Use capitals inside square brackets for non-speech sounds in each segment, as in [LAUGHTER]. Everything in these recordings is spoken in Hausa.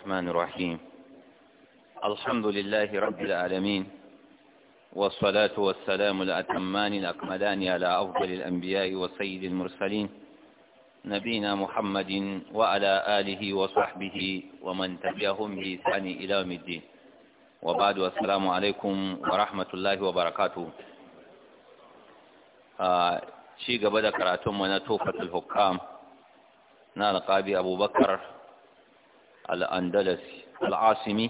الرحمن الرحيم الحمد لله رب العالمين والصلاة والسلام الأتمان الأكملان على أفضل الأنبياء وسيد المرسلين نبينا محمد وعلى آله وصحبه ومن تبعهم بإسان إلى الدين وبعد والسلام عليكم ورحمة الله وبركاته آه، شيء قبل كراتم ونتوفة الحكام نال قابي أبو بكر al'andalasi al'asimi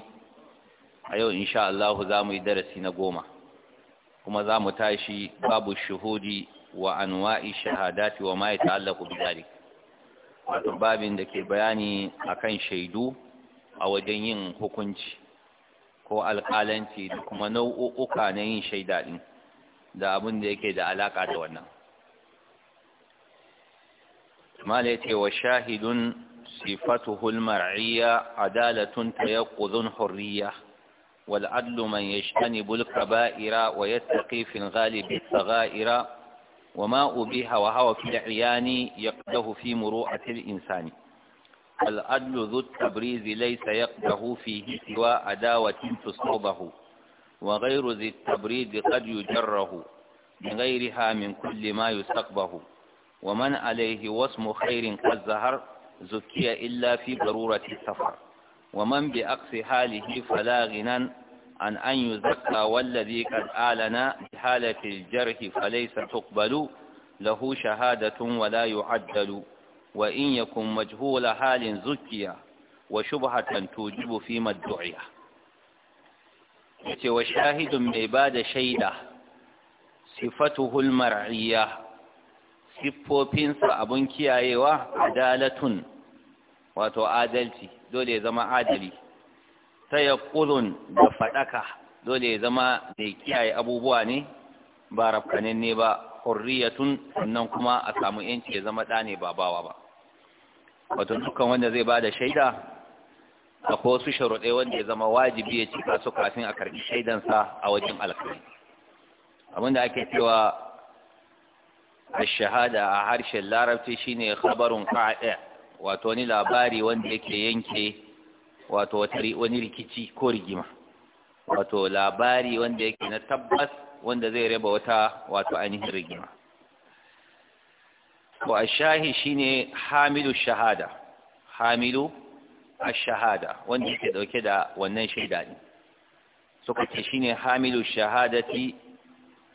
a yau sha Allah za mu yi darasi na goma kuma za mu tashi babu shahudi wa anwa'i shahadati wa ma ya ta'allaku bidalik wato babin da ke bayani a kan shaidu a wajen yin hukunci ko alƙalanci da kuma nau'uka na yin shaidaɗin, da abin da yake da alaƙa da wannan mala ce wa shahidun صفته المرعية عدالة تيقظ حرية والعدل من يجتنب الكبائر ويتقي في الغالب الصغائر وما أبيها وهو في العيان يقده في مروءة الإنسان العدل ذو التبريز ليس يقده فيه سوى عداوة تصوبه وغير ذي التبريد قد يجره بغيرها من كل ما يسقبه ومن عليه واسم خير كالزهر زكي إلا في ضرورة السفر ومن بأقص حاله فلا غنى عن أن يزكى والذي قد آلنا بحالة الجرح فليس تقبل له شهادة ولا يعدل وإن يكن مجهول حال زكية وشبهة توجب فيما ادعي وشاهد من عباد شيدة صفته المرعية siffofinsa abun kiyayewa adalatun wato adalci dole ya zama adali tayaqulun da faɗaka, dole ya zama da kiyaye abubuwa ne ba rafkanin ne ba hurriyatun sannan kuma a samu yanci ya zama ɗane ba bawa ba wato dukkan wanda zai ba da shaida a ko su sharuɗe wanda ya zama wajibi ya cika su kafin a karɓi shaidansa a wajen alkali abinda ake cewa shahada a harshen larabci shine khabarun qa'i wato ni labari wanda yake yanke wato wani rikici ko rigima wato labari wanda yake na tabbas wanda zai raba wata wato ainihin rigima ko ashahi shine hamilu shahada hamilu ash-shahada wanda yake dauke da wannan shaida ne suka ce shine hamilu shahadati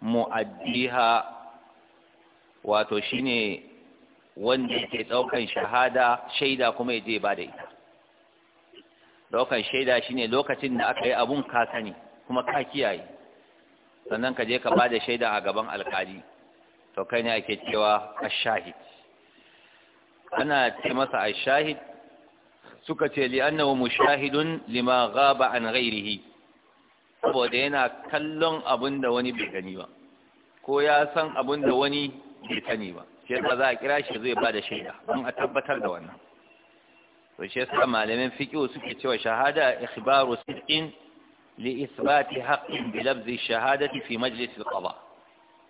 mu'addiha wato shine wanda ke ɗaukan shahada shaida kuma ya je ba da ita Ɗaukan shaida shine lokacin da aka yi abun ka sani kuma ka kiyaye sannan ka je ka ba da shaida a gaban alkali to kai ne ake cewa shahid. ana ce masa shahid? suka ce mu shahidun lima ghaba an ghairihi saboda yana kallon abin da wani bai gani ba ko ya san abin da wani bai sani ba shi ba za a kira shi zai ba da shaida don a tabbatar da wannan to shi yasa malamin fiqh suke cewa shahada ikhbaru sidqin li isbati haqqin bi labzi shahadati fi majlis al-qada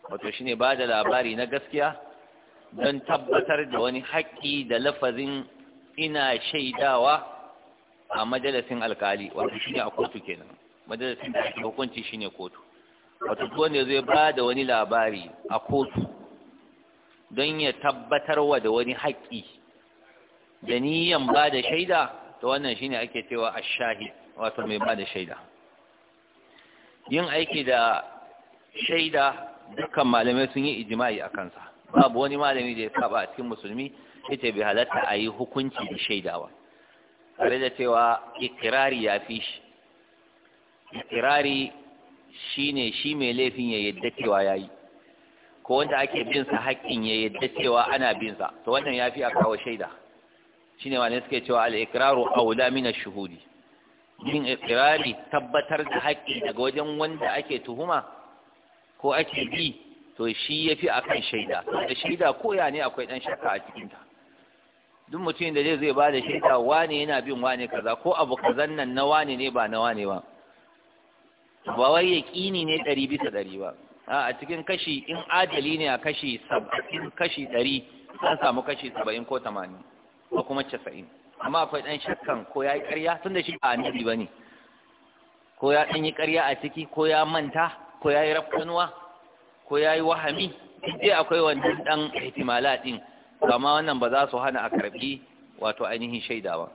wato shine ba da labari na gaskiya don tabbatar da wani haƙƙi da lafazin ina shaidawa a majalisin alkali wato shine a kotu kenan majalisin da hukunci shine kotu wato wanda zai ba da wani labari a kotu don ya tabbatar wa da wani haƙƙi da niyan ba da shaida ta wannan shine ake cewa a shahid wato mai ba da shaida yin aiki da shaida dukkan malamai sun yi ijima'i a kansa babu wani malami da ya saba a cikin musulmi yace bai halatta a yi hukunci da shaidawa tare da cewa ikirari ya fi shi ikirari shine shi mai laifin ya yadda cewa ya yi ko wanda ake bin sa haƙƙin ya yadda cewa ana bin sa to wannan yafi a kawo shaida shine wani suke cewa al-iqraru aula min ash-shuhudi yin iqrari tabbatar da haƙƙi daga wajen wanda ake tuhuma ko ake bi to shi yafi akan shaida da shaida ko ya ne akwai dan shakka a cikin ta duk mutum da zai zai ba da shaida wane yana bin wane kaza ko abu kazan nan na wane ne ba na wane ba ba wai yaqini ne ɗari bisa ɗari ba a cikin kashi in adali ne a kashi saba'in kashi ɗari an samu kashi saba'in ko tamanin ko kuma casa'in amma akwai ɗan shakkan ko ya yi ƙarya tun da shi ba annabi ba ne ko ya ɗan yi ƙarya a ciki ko ya manta ko ya yi rafkanuwa ko ya yi wahami sai akwai wannan ɗan ihtimala ɗin amma wannan ba za su hana a karɓi wato ainihin shaida ba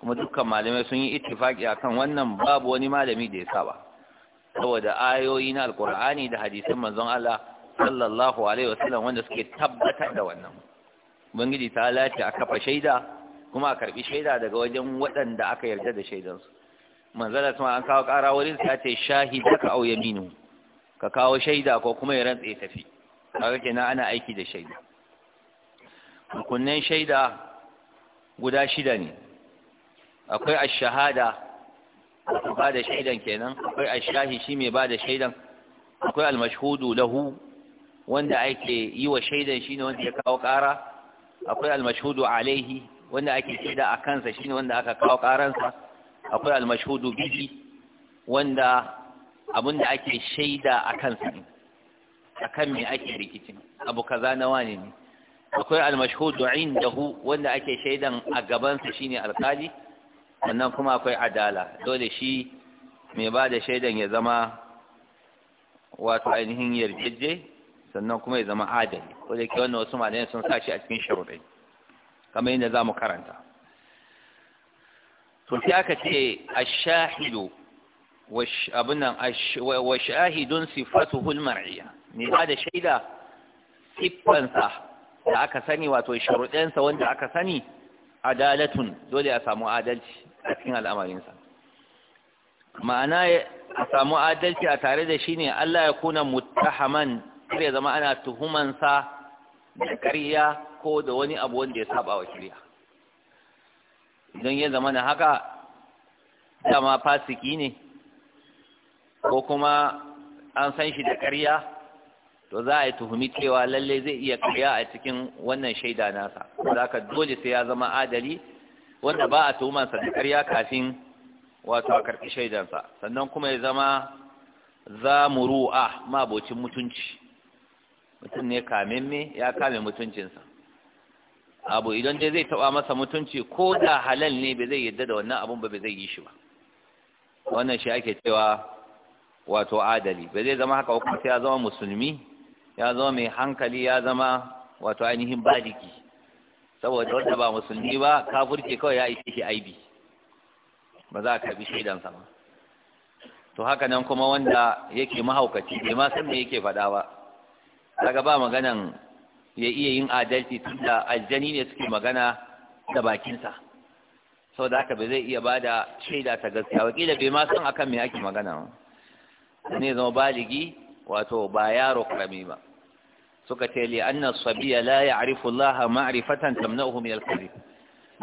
kuma dukkan malamai sun yi ittifaki akan wannan babu wani malami da ya saba saboda ayoyi na alkur'ani da hadisan manzon Allah sallallahu alaihi wasallam wanda suke tabbatar da wannan ubangiji ta lati a kafa shaida kuma a karbi shaida daga wajen waɗanda aka yarda da shaidansu manzala sun an kawo ƙara wurin sa ce shahida ka au yaminu ka kawo shaida ko kuma ya rantsa ya tafi kaga na, ana aiki da shaida hukunnan shaida guda shida ne akwai ash-shahada ba da shaidan kenan akwai ashahi shi mai ba da shaidan akwai almashhudu lahu wanda ake yi wa shaidan shi ne wanda ya kawo ƙara akwai almashhudu alaihi wanda ake shaida a kansa shi ne wanda aka kawo ƙaransa akwai almashhudu bihi wanda abin da ake shaida a kansa ne a kan mai ake rikicin abu kaza na wane ne akwai almashhudu hu wanda ake shaidan a gabansa shi ne alkali Wannan kuma akwai adala dole shi mai ba da shaidan ya zama wato ainihin yarjejje sannan kuma ya zama adali ko da ke wannan wasu malayan sun sa shi a cikin sharuɗai kamar yadda za mu karanta to sai aka ce a abin nan wa shahidun "Hulmar mar'iyya mai ba da shaida siffansa da aka sani wato sharuɗansa wanda aka sani adalatun dole a samu adalci a cikin al'amarinsa ma'ana a samu adalci a tare da shi ne Allah ya kuna muttahaman ya zama ana tuhumansa da ƙarya ko da wani abu wanda ya saba wa shirya idan ya zama na haka dama fasiki ne ko kuma an san shi da ƙarya to za a yi tuhumi cewa lallai zai iya ƙarya a cikin wannan shaida nasa za ka dole sai ya zama adali wanda ba a tuhumansa da ƙarya kafin wato a karɓi shaidansa sannan kuma ya zama za mu ru'a mabocin mutunci mutum ne kamemme ya kame mutuncinsa abu idan dai zai taɓa masa mutunci ko da halal ne ba zai yadda da wannan abun ba ba zai yi shi ba wannan shi ake cewa wato adali ba zai zama haka hukunta ya zama musulmi ya zama mai hankali ya zama wato ainihin baliki saboda wanda ba musulmi ba kafirce kawai ya ishe shi aibi ba za a karbi shaidansa ba to haka nan kuma wanda yake mahaukaci bai ma san me yake faɗa ba kaga ba maganan ya iya yin adalci tunda aljani ne suke magana da bakinsa saboda haka bai zai iya da shaida ta gaskiya wakila bai ma san akan me ake magana ba ne zama baligi wato ba yaro karami ba suka ce li anna sabiya la ya'rifu Allah ma'rifatan tamna'uhu min al-kadhib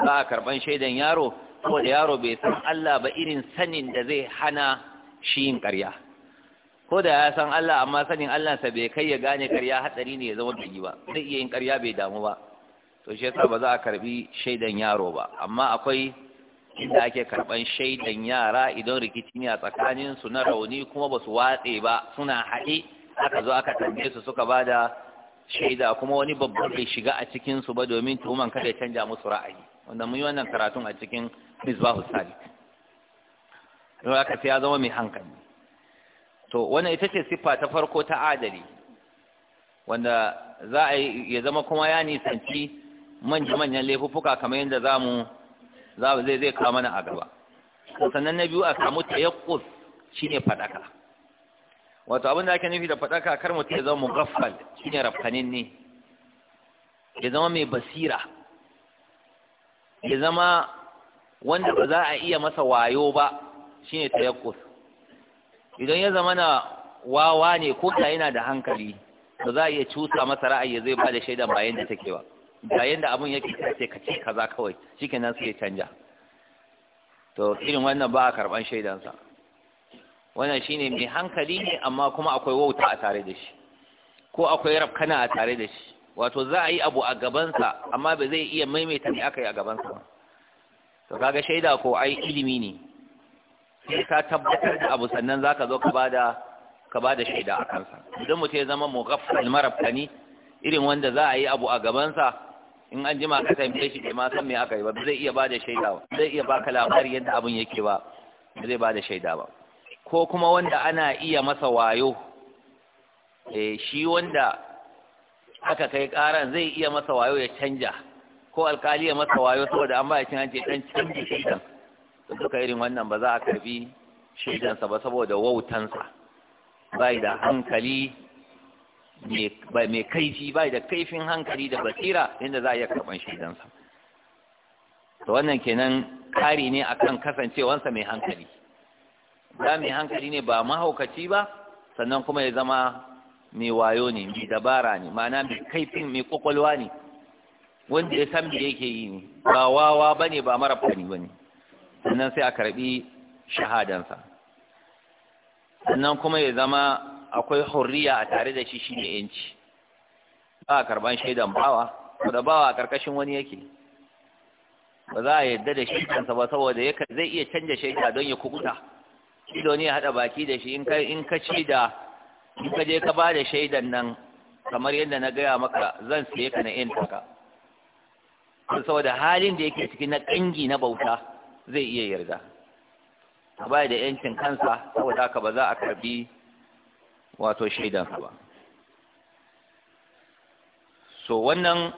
ba a karban shaidan yaro ko da yaro bai san Allah ba irin sanin da zai hana shi yin ƙarya ko da ya san Allah amma sanin Allah sa bai kai ya gane ƙarya hatsari ne ya zama bai ba zai iya yin ƙarya bai damu ba to shi yasa ba za a karbi shaidan yaro ba amma akwai inda ake karban shaidan yara idan rikici ne a tsakanin su na rauni kuma ba su watse ba suna haɗe aka zo aka tambaye su suka bada shaida kuma wani babban bai shiga a cikin su ba domin tuhuman kada ya canja musu ra'ayi wanda mun yi wannan karatun a cikin misbahu salik don haka sai ya zama mai hankali to wannan ita ce siffa ta farko ta adali wanda za a ya zama kuma ya nisanci manya-manyan laifuffuka kamar yadda za mu zai zai mana mana a gaba sannan na biyu a samu tayakkus shine fadaka wato abin da ake nufi da ka kar mutum ya zama mugaffal shine rafkanin ne ya zama mai basira ya zama wanda ba za a iya masa wayo ba shine tayakkus idan ya zama na wawa ne ko da yana da hankali ba za a iya cusa masa ra'ayi zai ba da shaidan bayan da take ba da yanda abin yake sai ka ci kaza kawai shikenan sai ya canja to irin wannan ba a karban shaidansa wannan shine mai hankali ne amma kuma akwai wauta a tare da shi ko akwai rafkana a tare da shi wato za a yi abu a gabansa amma ba zai iya maimaita ne aka yi a gabansa ba to kaga shaida ko ai ilimi ne sai ka tabbatar da abu sannan za ka zo ka da ka da shaida a kansa idan mutum ya zama mughaffal marabtani irin wanda za a yi abu a gabansa in an jima ka tambaye shi bai ma san me aka yi ba zai iya ba da shaida ba zai iya baka labari yadda abun yake ba zai ba da shaida ba ko kuma wanda ana iya masa wayo eh shi wanda aka kai karan zai iya masa wayo ya canja ko alkali ya masa wayo saboda an ba an ce, dan canje shaidan to duka irin wannan ba za a karbi shaidansa ba saboda wautansa bai da hankali mai kaifi bai da kaifin hankali da basira inda za a iya karban shidansa. to wannan kenan kari ne akan kasancewansa mai hankali da mai hankali ne ba mahaukaci ba sannan kuma ya zama mai wayo ne mai dabara ne ma'ana mai kaifin mai kwakwalwa ne wanda ya san da yake yi ne ba wawa ba ne ba mara fani ba ne sannan sai a karbi shahadansa sannan kuma ya zama akwai hurriya a tare da shi shi ne yanci ba a karban shaidan bawa da bawa a karkashin wani yake ba za a yadda da shaidansa ba saboda zai iya canja shaida don ya kubuta. ido ne haɗa baki da shi in ka in ka ci da in ka je ka ba da shaidan nan kamar yadda na gaya maka zan siye ka na yanta ka saboda halin da yake ciki na ƙangi na bauta zai iya yarda ka ba da yancin kansa saboda haka ba za a karbi wato shaidansa ba so wannan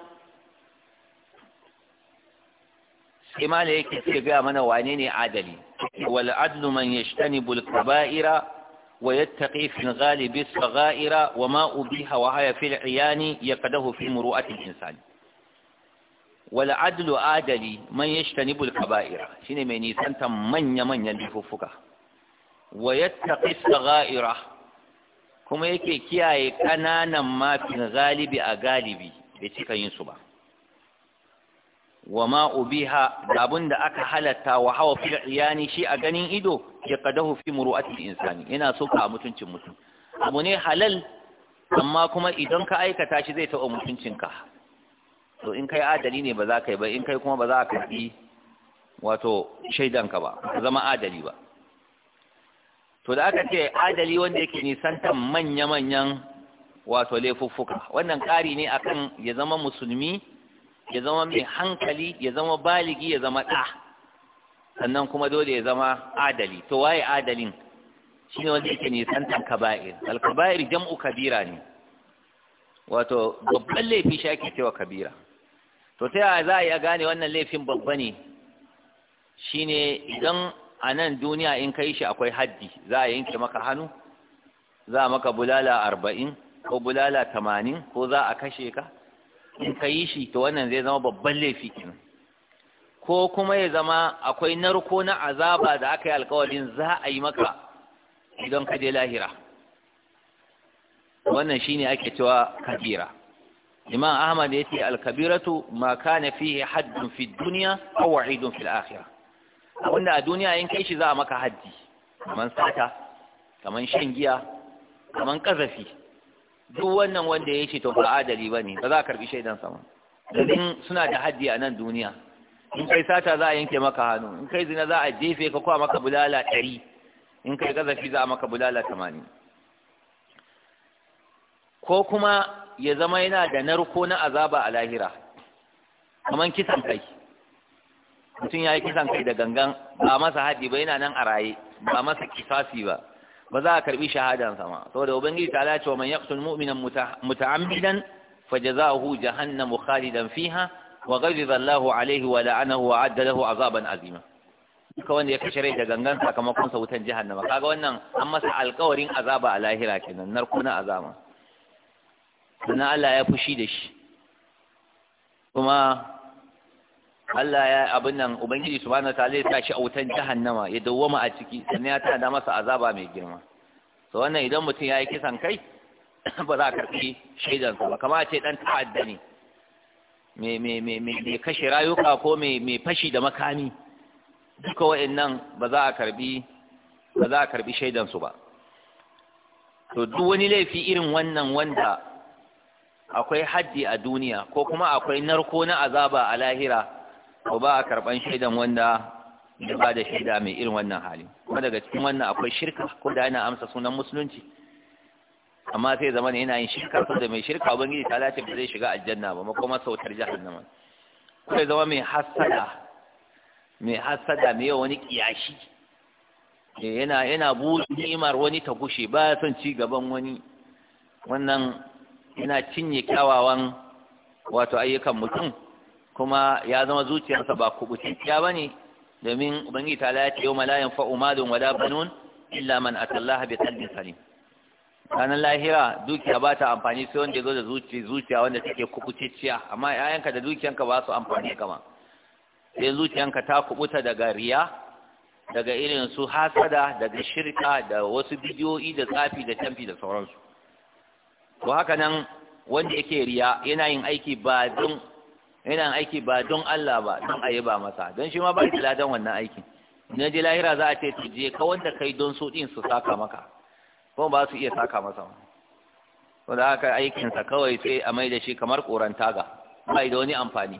sai imana yake ce gaya mana wane ne adali والعدل من يجتنب الكبائر ويتقي في الغالب الصغائر وما أبيح وهي في العيان يقده في مروءة الإنسان والعدل آدلي من يجتنب الكبائر شنو من يسنت من يمن يلففك ويتقي الصغائر kuma yake kiyaye ƙananan mafin galibi a galibi da cika yin su ba wa ma ubiha da abin da aka halatta wa hawa fi iyani shi a ganin ido ya kadahu fi muru'atil insani yana soka a mutuncin mutum abu ne halal amma kuma idan ka aikata shi zai taɓa mutuncinka to in kai adali ne ba za ka yi ba in kai kuma ba za ka yi wato shaidanka ba zama adali ba to da aka ce adali wanda yake nisantan manya-manyan wato laifuffuka wannan ƙari ne akan ya zama musulmi ya zama mai hankali ya zama baligi ya zama ɗa sannan kuma dole ya zama adali to waye adalin shi ne wanda yake nisantar kaba'ir alkaba'ir jam'u kabira ne wato babban laifi shi ake cewa kabira to ta yaya za a iya gane wannan laifin babba ne Shi ne idan a nan duniya in kai shi akwai haddi za a yanke maka hannu za a maka bulala arba'in ko bulala tamanin ko za a kashe ka in ka yi shi to wannan zai zama babban laifi kenan ko kuma ya zama akwai narko na azaba da aka yi alkawarin za a yi maka idan ka je lahira wannan shine ake cewa kabira imam ahmad ya ce alkabiratu ma kana fihi haddun fi duniya aw wa'idun fil akhirah wanda a duniya in kai shi za a maka haddi kaman sata kaman shan giya kaman kazafi duk wannan wanda ya ce to ba adali ba ne ba za a karbi shaidan sama domin suna da haddi a nan duniya in kai sata za a yanke maka hannu in kai zina za a jefe ka kwa maka bulala ɗari in kai gazafi za a maka bulala tamanin ko kuma ya zama yana da narko na azaba a lahira kamar kisan kai mutum ya yi kisan kai da gangan ba masa haɗi ba yana nan a raye ba masa kisasi ba ba za a karbi shahadansa ma saboda ubangiji ta lace wa man yaqtul mu'mina muta'ammidan fajazahu jahannamu khalidan fiha wa ghadiba Allahu alaihi wa la'anahu wa adda lahu azaban azima duka wanda ya kashe rai da gangan sakamakon sa wutan jahannama kaga wannan an masa alƙawarin azaba a lahira kenan narkuna azama sannan Allah ya fushi da shi kuma Allah ya abin nan ubangiji subhanahu wataala ya tashi a wutan jahannama ya dawwama a ciki sannan ya tada masa azaba mai girma to wannan idan mutum ya yi kisan kai [CLEARS THROAT] ba za a karɓi shaidan ba Kamar a ce ɗan ta'adda ne Me-me-me kashe rayuka ko me fashi da makami duka wa'annan ba za a karbi ba za a karɓi shaidansu ba to duk wani laifi irin wannan wanda akwai haddi a duniya ko kuma akwai narko na azaba a lahira ko ba a karban shaidan wanda ya ba da shaida mai irin wannan hali kuma daga cikin wannan akwai shirka ko da yana amsa sunan musulunci amma sai zama ne yana yin shirka da mai shirka ubangiji ta lace ba zai shiga aljanna ba makoma sautar jahannama ko ya zama mai hasada mai hasada mai yawa wani kiyashi eh, yana yana buɗe ni'imar wani ta gushe ba son ci gaban wani wannan yana cinye kyawawan wato ayyukan mutum kuma ya zama zuciyarsa ba kubutacciya ba ne domin ubangi ta lati yau malayan fa'o malin wala banun illa man atallaha bi salim ranar lahira dukiya ba ta amfani sai wanda ya zo da zuciya wanda take kubutacciya amma yayanka da dukiyanka ba su amfani kama sai zuciyanka ta kubuta daga riya daga irin su hasada daga shirka da wasu bidiyoyi da tsafi da tamfi da sauransu to haka nan wanda yake riya yana yin aiki ba don yana aiki ba don Allah ba don a ba masa don shi ma ba da ladan wannan aikin na je lahira za a ce to je ka wanda kai don su din su saka maka kuma ba su iya saka masa ba to da haka aikin sa kawai sai a mai da shi kamar koran taga ba da wani amfani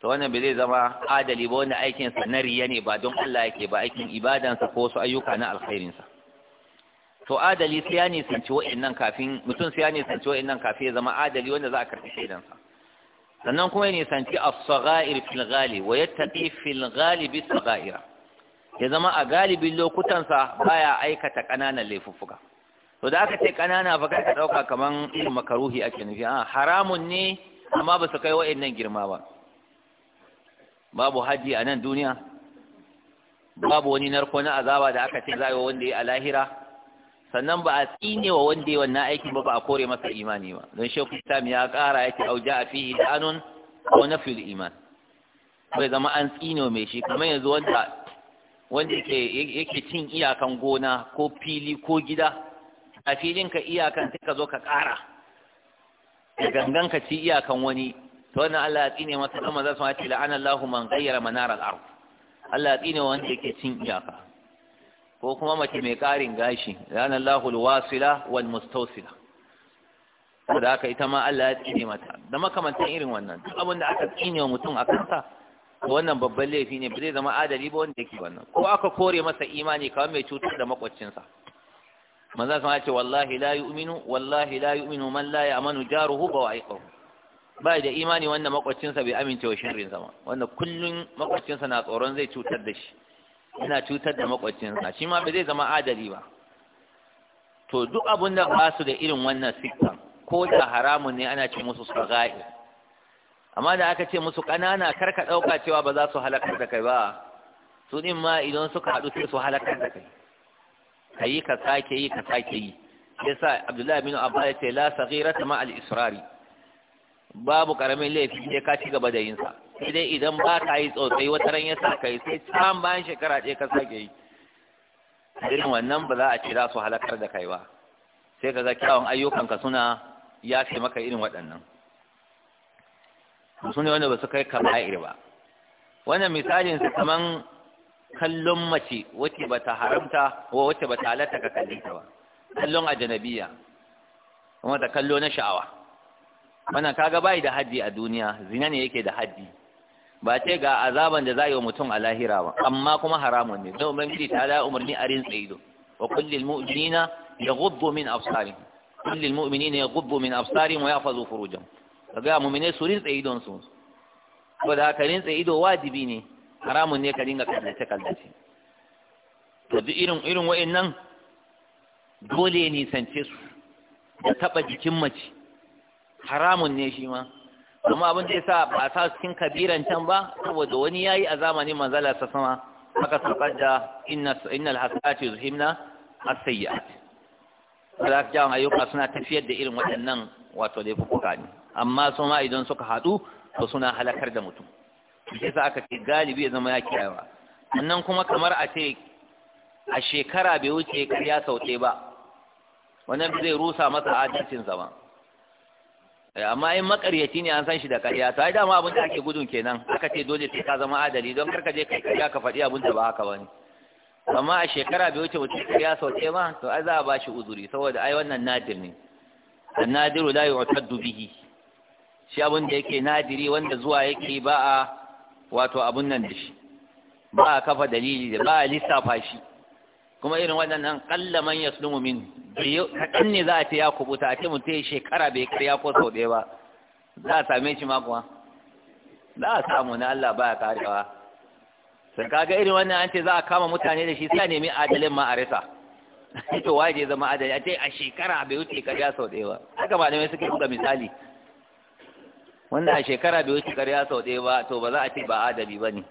to wannan bai zai zama adali ba wanda aikin sa na riya ne ba don Allah yake ba aikin ibadan sa ko su ayyuka na alkhairin sa to adali sai ya nisanci wa'annan kafin mutum sai ya nisanci wa'annan kafin ya zama adali wanda za a karɓi shaidan sa sannan kuma ya nisanci a saghair fil ghali wa yattaqi fil ghalibi as ya zama a galibin lokutansa baya aikata ƙananan laifuffuka to da aka ce ƙanana fa ka dauka kaman irin makaruhi ake nufi a ah, haramun ne amma ba su kai wa'annan girma ba babu haji a nan duniya babu wani narko na azaba da aka ce za a yi wanda ya a lahira sannan ba a tsine wa wanda ya wannan aikin ba ba a kore masa imani ba don kuma sami ya kara yake auja a fi hidanun ko na fil iman bai zama an tsine wa mai shi kamar yanzu wanda wanda yake cin iyakan gona ko fili ko gida a filin ka iyakan sai ka zo ka kara da gangan ka ci iyakan wani to wannan Allah ya tsine masa kuma za su ma ce la'ana Allahu man ghayyara manar al-ard Allah ya tsine wanda yake cin iyaka ko kuma mace mai ƙarin gashi ranar lahul wasila wal mustausila da aka ita ma Allah ya tsine mata da makamantan irin wannan duk abin da aka tsine wa mutum a kansa wannan babban laifi ne ba zai zama adali ba wanda yake wannan ko aka kore masa imani kawai mai cutar da makwaccinsa manzon sama ce wallahi la yu'minu wallahi la yu'minu man la ya'manu jaruhu wa wa'iqahu ba da imani wanda makwaccinsa bai amince wa shirin sa wanda kullun makwaccinsa na tsoron zai cutar da shi yana cutar da makwacinsa shi ma ba zai zama adali ba to duk abun da ba su da irin wannan sikka ko da haramun ne ana ce musu sagai amma da aka ce musu ƙanana kar ka ɗauka cewa ba za su halakar da kai ba su ɗin ma idan suka haɗu sai su halakar da kai ka yi ka sake yi ka sake yi yasa abdullahi bin abba ya ce la ta ma al israri babu ƙaramin laifi sai ka ci gaba da yinsa. sa sai dai idan ba ka yi tsotsai wata ran ya sa ka yi sai sam bayan shekara ɗaya ka sake yi irin wannan ba za a ce za su halakar da kai ba sai ka ga kyawun ayyukanka suna ya ce maka irin waɗannan su ne wanda ba su kai Kama'ir ba wannan misalin su kaman kallon mace wacce ba ta haramta ko wacce ba ta halatta ka kalli ta ba kallon ajanabiya kuma ta kallo na sha'awa wannan kaga bai da haddi a duniya zina ne yake da haddi ba ce ga azaban da za yi wa mutum a lahira ba amma kuma haramun ne don ubangiji ta da umarni a rinsa ido wa kullil mu'minina yaghuddu min afsari kullil mu'minina yaghuddu min absarihim wa yahfazu furujahum kaga mu'mine su rinsa idon su ko da ka rinsa ido wajibi ne haramun ne ka dinga kallace kallace to duk irin irin wa'annan dole ne sance su da taba jikin mace haramun ne shi ma amma abin da ya sa ba sa cikin kabiran can ba saboda wani yi a zamanin manzala ta sama aka saukar da innal hasati zuhimna as-sayyi'at ka jawon ayyuka suna tafiyar da irin waɗannan wato kuka ne amma su ma idan suka haɗu to suna halakar da mutum shi a aka ce galibi ya zama ya kiyayewa sannan kuma kamar a ce a shekara bai wuce karya sau ba wannan zai rusa masa adalcin zama Eh, amma in makaryaci ne an san shi da kariya to ai dama abin da ake gudun kenan aka ce dole sai ka zama adali don karka je kai kariya ka faɗi abin da ba haka bane amma a shekara bai wuce mutum kariya sau ɗaya ma to ai za a ba shi uzuri saboda ai wannan nadir ne annadiru la yu'taddu bihi shi abin da yake nadiri wanda zuwa yake ba a wato abun nan da shi ba a kafa dalili da ba a lissafa shi kuma irin waɗannan ƙalla man ya sulumu min kaɗan ne za a ce ya kubuta a ce mutum ya shekara bai karya ko sau ɗaya ba za a same shi ma kuma za a samu na Allah baya karewa sai kaga irin wannan an ce za a kama mutane da shi sai a nemi adalin ma a rasa [LAUGHS] to waje zama adali a ce a shekara bai wuce karya sau ɗaya ba haka malamai suke buga misali Wannan a shekara bai wuce karya sau ɗaya ba to ba za a ce ba adali ba ne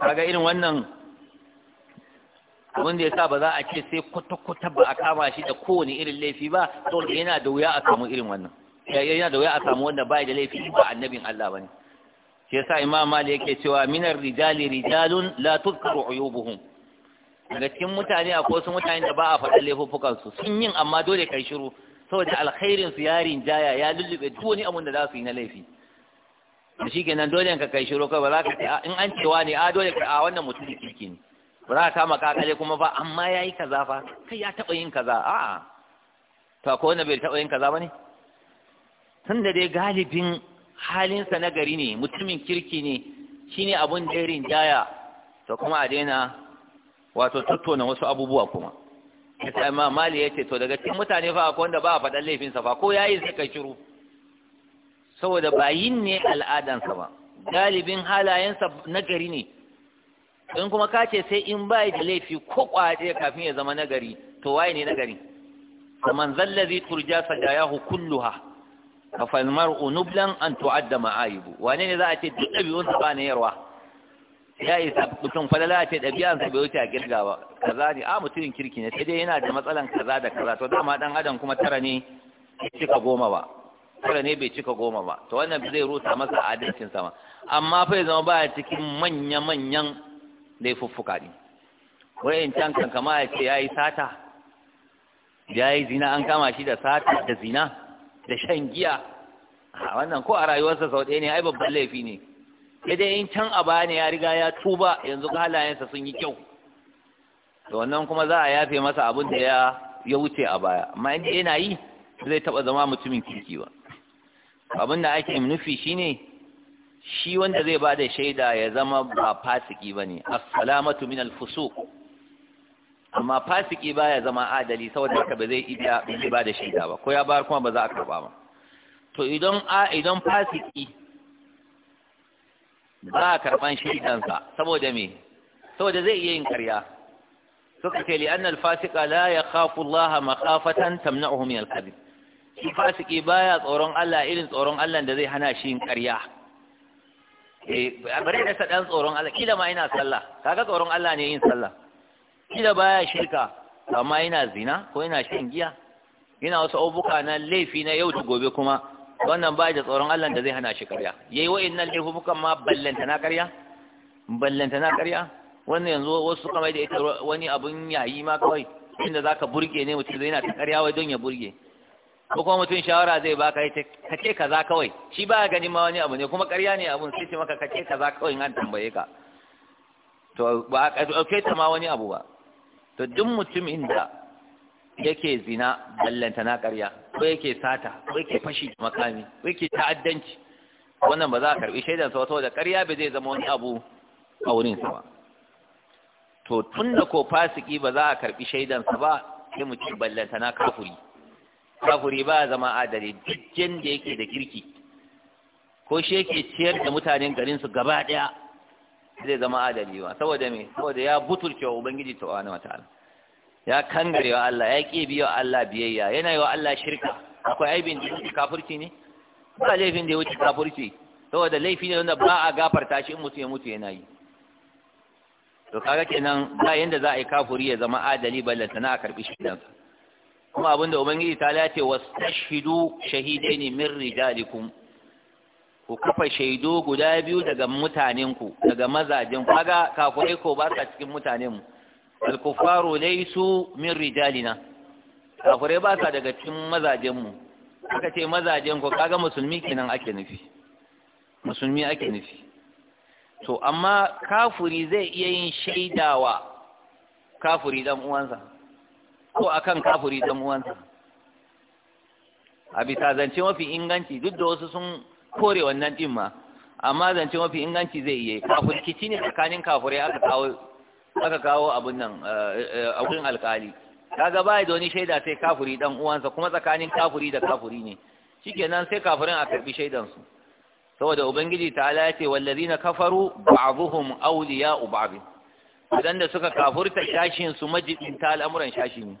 kaga irin wannan wanda ya sa ba za a ce sai kwata-kwata ba a kama shi da kowane irin laifi ba to yana da wuya a samu irin wannan yana da wuya a samu wanda bai da laifi ba annabin Allah bane shi yasa imam mali yake cewa minar rijali rijalun la tuzkaru uyubuhum daga cikin mutane akwai wasu mutane da ba a faɗa laifukan su sun yin amma dole kai shiru saboda alkhairin su yarin jaya ya lullube duk wani abun da za su yi na laifi da shi kenan dole ka kai shiru kai ba za ka ce ah, in an cewa ne a ah, dole ka a ah, wannan mutum kirki ne ba za ka kama kakale kuma ba amma ya yi kaza fa kai ya taɓa yin kaza a'a to ko wanda bai taɓa yin kaza ba ne tun da dai galibin halinsa na gari ne mutumin kirki ne shine abun da ya rinjaya to kuma a daina wato tattona wasu abubuwa kuma sa ma mali ce to daga cikin mutane fa akwai wanda ba a faɗan laifinsa fa ko yi zai kai shiru saboda ba yin ne al'adansa ba galibin halayensa na gari ne in kuma ka ce sai in bai da laifi ko kwaje kafin ya zama nagari to waye ne nagari man zallazi turja sadayahu kulluha fa fal mar'u nublan an tu'adda ma'aibu wane ne za a ce duk dabi'un sa ba ne yarwa ya isa mutum falala ce dabi'an sa bai wuce a girgawa kaza ne a mutumin kirki ne sai dai yana da matsalan kaza da kaza to dama dan adam kuma tara ne cika goma ba tara ne bai cika goma ba to wannan zai rusa masa adalcin sama amma fa ya zama ba cikin manya manyan laifuffuka din wayan can kan kama ya ce yi sata yi zina an kama shi da sata da zina da shan giya a wannan ko a rayuwarsa sau ɗaya ne ai babban laifi ne sai dai in can a baya ne ya riga ya tuba yanzu halayensa sun yi kyau to wannan kuma za a yafe masa abin da ya ya wuce a baya amma inda yana yi zai taɓa zama mutumin kirki ba abin da ake nufi shine shi wanda zai ba da shaida ya zama ba fasiki ba ne al-Salamatu min alfusuq amma fasiki ba ya zama adali saboda haka ba zai iya ba da shaida ba ko ya bayar kuma ba za a karba ba to idan idan fasiki ba a karban shaidansa saboda me saboda zai iya yin karya suka ce li annal fasika la yakhafu Allah makhafatan tamna'uhu min al-kadhib shi fasiki baya tsoron Allah irin tsoron Allah da zai hana shi yin karya eh bari na sa dan tsoron Allah kila ma ina sallah kaga tsoron Allah ne yin sallah kila baya shirka amma ina zina ko ina shan giya ina wasu abubuwa na laifi na yau da gobe kuma wannan ba da tsoron Allah da zai hana shi karya yayi wa'annan laifukan ma ballanta na karya ballanta na karya wannan yanzu wasu kamar da ita wani abun yayi ma kawai inda zaka burge ne mutum zai na ta karya wai don ya burge ko kuma mutum shawara zai baka ka ce kaza kawai shi ba ya ganin ma wani abu ne kuma ƙarya ne abun sai ce maka ce kaza kawai an tambaye ka to ba a ɗauke ta ma wani abu ba to duk mutum inda yake zina ballanta na ƙarya ko yake sata ko yake fashi makami ko yake ta'addanci wannan ba za a karɓi shaidan sa saboda ƙarya ba zai zama wani abu a wurin sa ba to tun da ko fasiki ba za a karɓi shaidan sa ba sai mu ce ballanta na kafuri kafuri ba zama adali duk da yake da kirki ko shi yake ciyar da mutanen garin su gaba daya zai zama adali ba saboda me saboda ya butulce wa ubangiji ta wani ta'ala ya kangare wa Allah ya ke biyo Allah biyayya yana yi wa Allah shirka akwai aibin da wuce kafurki ne ba laifin da ya wuce kafurki, saboda laifi ne wanda ba a gafarta shi mutu ya mutu yana yi to kaga kenan ba yanda za a yi kafuri ya zama adali ballantana a karbi shi dan. kuma abinda ubangiji ta lace wastashhidu shahidaini min rijalikum ku kafa shaidu guda biyu daga mutanenku daga mazajen kaga kafirai ko ba ka cikin mutanenmu alkufaru laysu min rijalina kafirai ba ka daga cikin mazajenmu aka ce mazajen ku kaga musulmi kenan ake nufi musulmi ake nufi to amma kafuri zai iya yin shaidawa kafuri dan uwansa ko a kan kafuri ɗan uwansa a bisa zance mafi inganci duk da wasu sun kore wannan ɗin ma amma zance mafi inganci zai iya kafurkici ne tsakanin kafurai aka kawo aka nan eh, eh, a wurin alkali kaga ba da wani shaida sai kafuri ɗan uwansa kuma tsakanin kafuri da kafuri ne shikenan sai kafurin a karbi shaidan su saboda ubangiji ta'ala ya ce wallazina kafaru ba'dhum awliya'u ba'd da suka kafurta shashin su majidin ta al'amuran shashi ne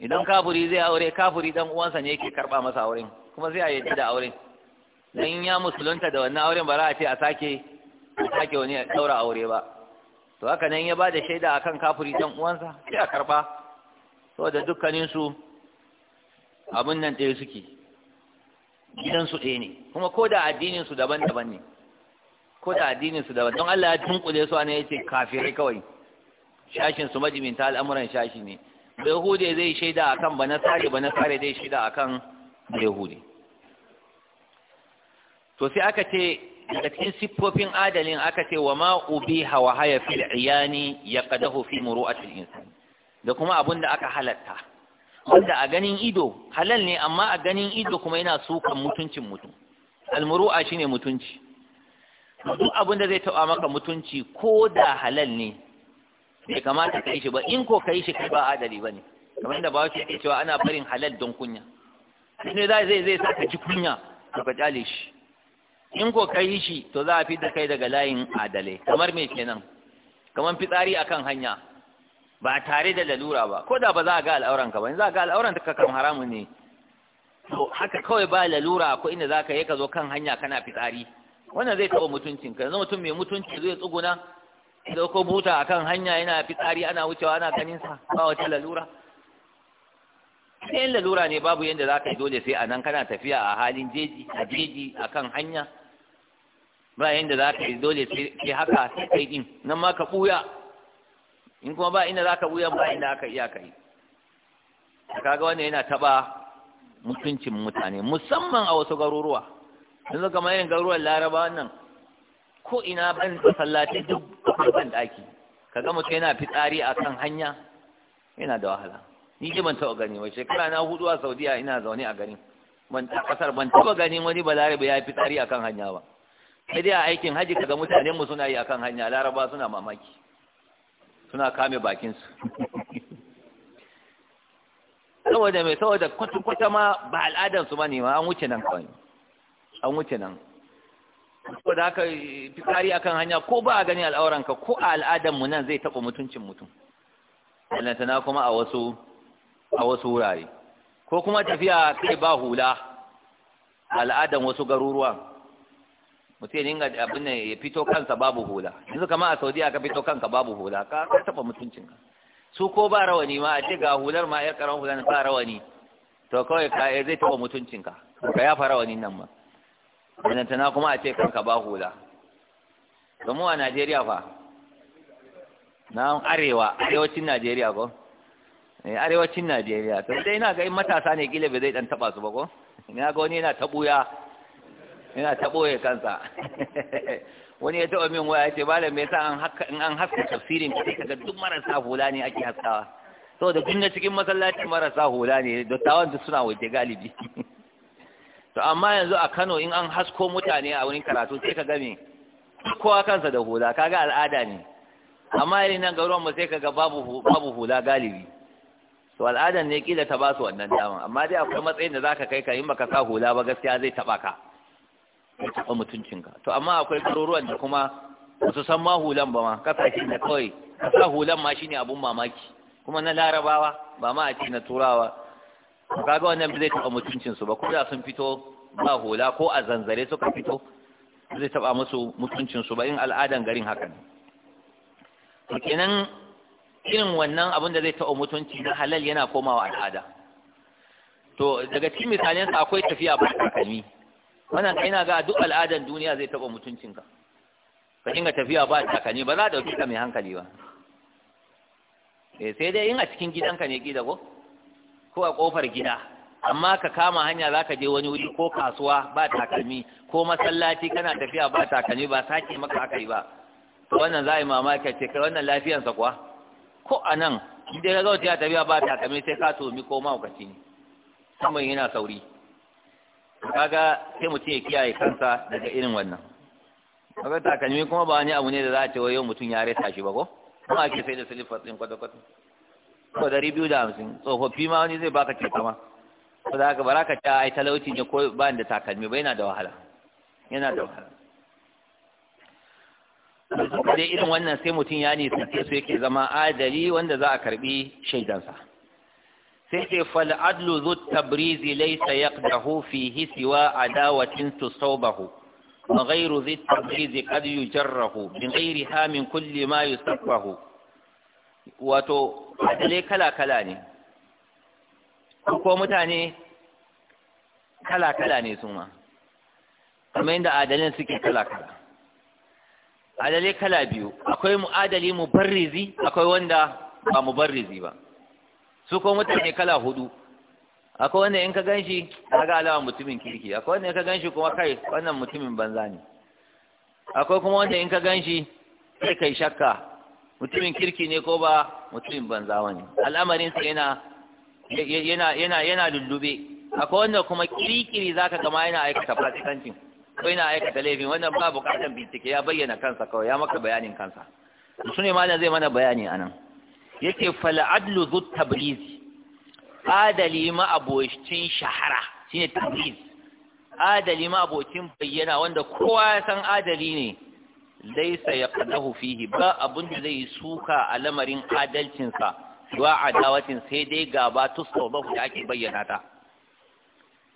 idan kafuri zai aure kafuri dan uwansa ne yake karba masa auren kuma zai yi da auren dan ya musulunta da wannan auren ba za a ce a sake a sake wani daura aure ba to haka nan ya bada shaida akan kafuri dan uwansa sai a karba saboda dukkanin su abin nan ɗaya suke gidan su ɗaya ne kuma ko da addinin su daban-daban ne ko da addinin su daban don Allah ya tunkule su ne yace kafirai kawai shashin su majiminta al'amuran shashi ne yahudi zai shaida akan Bana Sare zai shaida akan yahudi to sai aka ce daga cikin siffofin adalin aka ce wa ma ubi hawa haya fil iyani qadahu fi muru'atil insani da kuma abun da aka halatta wanda a ganin ido halal ne amma a ganin ido kuma yana sukan mutuncin mutum almuru'a shine mutunci duk abin da zai taɓa maka mutunci ko da halal ne bai kamata ka yi shi ba in ko ka yi shi kai ba adali ba ne kamar da ba shi ke cewa ana barin halal don kunya ne za zai zai sa ka ji kunya to ka kyale shi in ko ka yi shi to za a fi da kai daga layin adalai kamar me kenan kamar fitsari akan hanya ba tare da lalura ba ko da ba za a ga al'auran ka ba in za a ga ka kan haramun ne to haka kawai ba lalura ko inda za ka yi ka zo kan hanya kana fitsari wannan zai taɓa mutuncin ka yanzu mutum mai mutunci zai tsuguna da ko buta akan hanya yana fitsari ana wucewa ana ganin sa ba wata lalura sai lalura ne babu yadda za ka yi dole sai a nan kana tafiya a halin jeji a jeji a kan hanya ba yadda za ka yi dole sai haka sai kai din nan ma ka ɓuya in kuma ba inda za ka ɓuya ba inda aka iya kai kaga wannan yana taɓa mutuncin mutane musamman a wasu garuruwa yanzu kamar yin garuruwan laraba nan ko ina ban masallaci duk ban daki ga mutum yana fitsari akan hanya yana da wahala ni ji ban taɓa gani wai shekara na hudu a saudiya ina zaune a garin ban kasar ban taɓa gani wani ba laraba ya yi a akan hanya ba sai dai a aikin haji kaga mutanen mu suna yi a kan hanya laraba suna mamaki suna kame bakinsu. [LAUGHS] saboda mai saboda kwata-kwata ma ba al'adansu ba ne ma an wuce nan kawai an wuce nan ko da haka a akan hanya ko ba a gani al'auranka ko a al'adar mu nan zai taɓa mutuncin mutum na kuma a wasu a wasu wurare ko kuma tafiya kai ba hula al'adan wasu garuruwa mutum ya dinga abin nan ya fito kansa babu hula yanzu kama a saudiya ka fito kanka babu hula ka taɓa mutuncin ka su ko ba rawani ma a ce ga hular ma yar karan hula ba rawani to kawai ka eh, zai taɓa mutuncin ka ka yafa rawanin nan ma tana kuma a ce kanka ba hula domin a najeriya fa na arewa arewacin najeriya ko eh, arewacin najeriya to dai ina ga in matasa ne kila bai zai dan taba su ba ko ina ga wani yana tabuya yana taboye kansa [LAUGHS] wani ya taɓa min waya ce malam me yasa in an haska tafsirin ka sai kaga duk marasa hula ne ake haskawa saboda duk na cikin masallacin marasa hula ne dattawan duk suna waje galibi [LAUGHS] to amma yanzu a Kano in an hasko mutane a wurin karatu sai ka game kowa kansa da hula kaga al'ada ne amma yayin nan garuwan mu sai kaga babu babu hula galibi to al'adan ne kila ta basu wannan dama amma dai akwai matsayin da zaka kai ka in baka sa hula ba gaskiya zai taba ka ya taba mutuncinka to amma akwai garuruwan da kuma su san ma hulan ba ma kasashe da kawai ka sa hulan ma shine abun mamaki kuma na larabawa ba ma a ce na turawa ga wannan ba zai taɓa mutuncinsu ba ko da sun fito ba hula ko a zanzare suka fito zai taɓa musu mutuncinsu ba in al'adan garin haka ne to kenan irin wannan abin da zai taɓa mutunci na halal yana komawa al'ada to daga cikin sa akwai tafiya ba takalmi wannan kai na ga duk al'adan duniya zai taɓa mutuncinka ka dinga tafiya ba takalmi ba za ka dauki ka mai hankali ba eh, sai dai in a cikin gidanka ne gida ko ko a kofar gida amma ka kama hanya za ka je wani wuri ko kasuwa ba takalmi ko masallaci kana tafiya ba takalmi ba sake maka aka yi ba to wannan za a yi mamaki ce kai wannan lafiyansa kuwa ko a nan inda ka zauce a tafiya ba takalmi sai ka tomi ko mahaukaci ne saman yana sauri kaga sai mutum ya kiyaye kansa daga irin wannan kaga takalmi kuma ba wani abu ne da za a ce wai yau mutum ya rasa shi ba ko kuma ake sai da silifas ɗin kwata-kwata ko dari biyu da hamsin tsofaffi ma wani zai baka kyauta ma ko za ka bara za ka ta ai talauci ne ko ba da takalmi ba yana da wahala yana da wahala dai irin wannan sai mutum ya sai su yake zama adali wanda za a karbi shaidansa sai ce fal adlu zu tabrizi laysa yaqdahu fihi siwa adawatin tusawbahu wa ghayru zi tabrizi qad yujarrahu bi ghayriha min kulli ma yusaffahu wato adalai kala-kala ne ko mutane kala-kala ne su ma kamar yadda adalin suke kala-kala adalai kala biyu akwai adali barrizi akwai wanda ba mu barrizi ba su ko mutane kala hudu akwai wanda in ka ganshi daga alama mutumin kirki akwai wanda in ka ganshi kuma kai wannan mutumin banza ne akwai kuma wanda in ka ganshi kai kai shakka mutumin kirki ne ko ba mutumin banza wani sa yana yana yana yana lullube akwai wanda kuma kirikiri zaka gama yana aikata fasikanci ko yana aikata laifin wannan ba bukatan bincike ya bayyana kansa kawai ya maka bayanin kansa su ne malam zai mana bayani anan yake fal adlu zu tabriz adali ma abocin shahara shine tabriz adali ma abocin bayyana wanda kowa ya san adali ne laisa yaqdahu fihi ba abun da zai suka a lamarin adalcinsa wa adawatin sai dai gaba tusawbahu da ake bayyana ta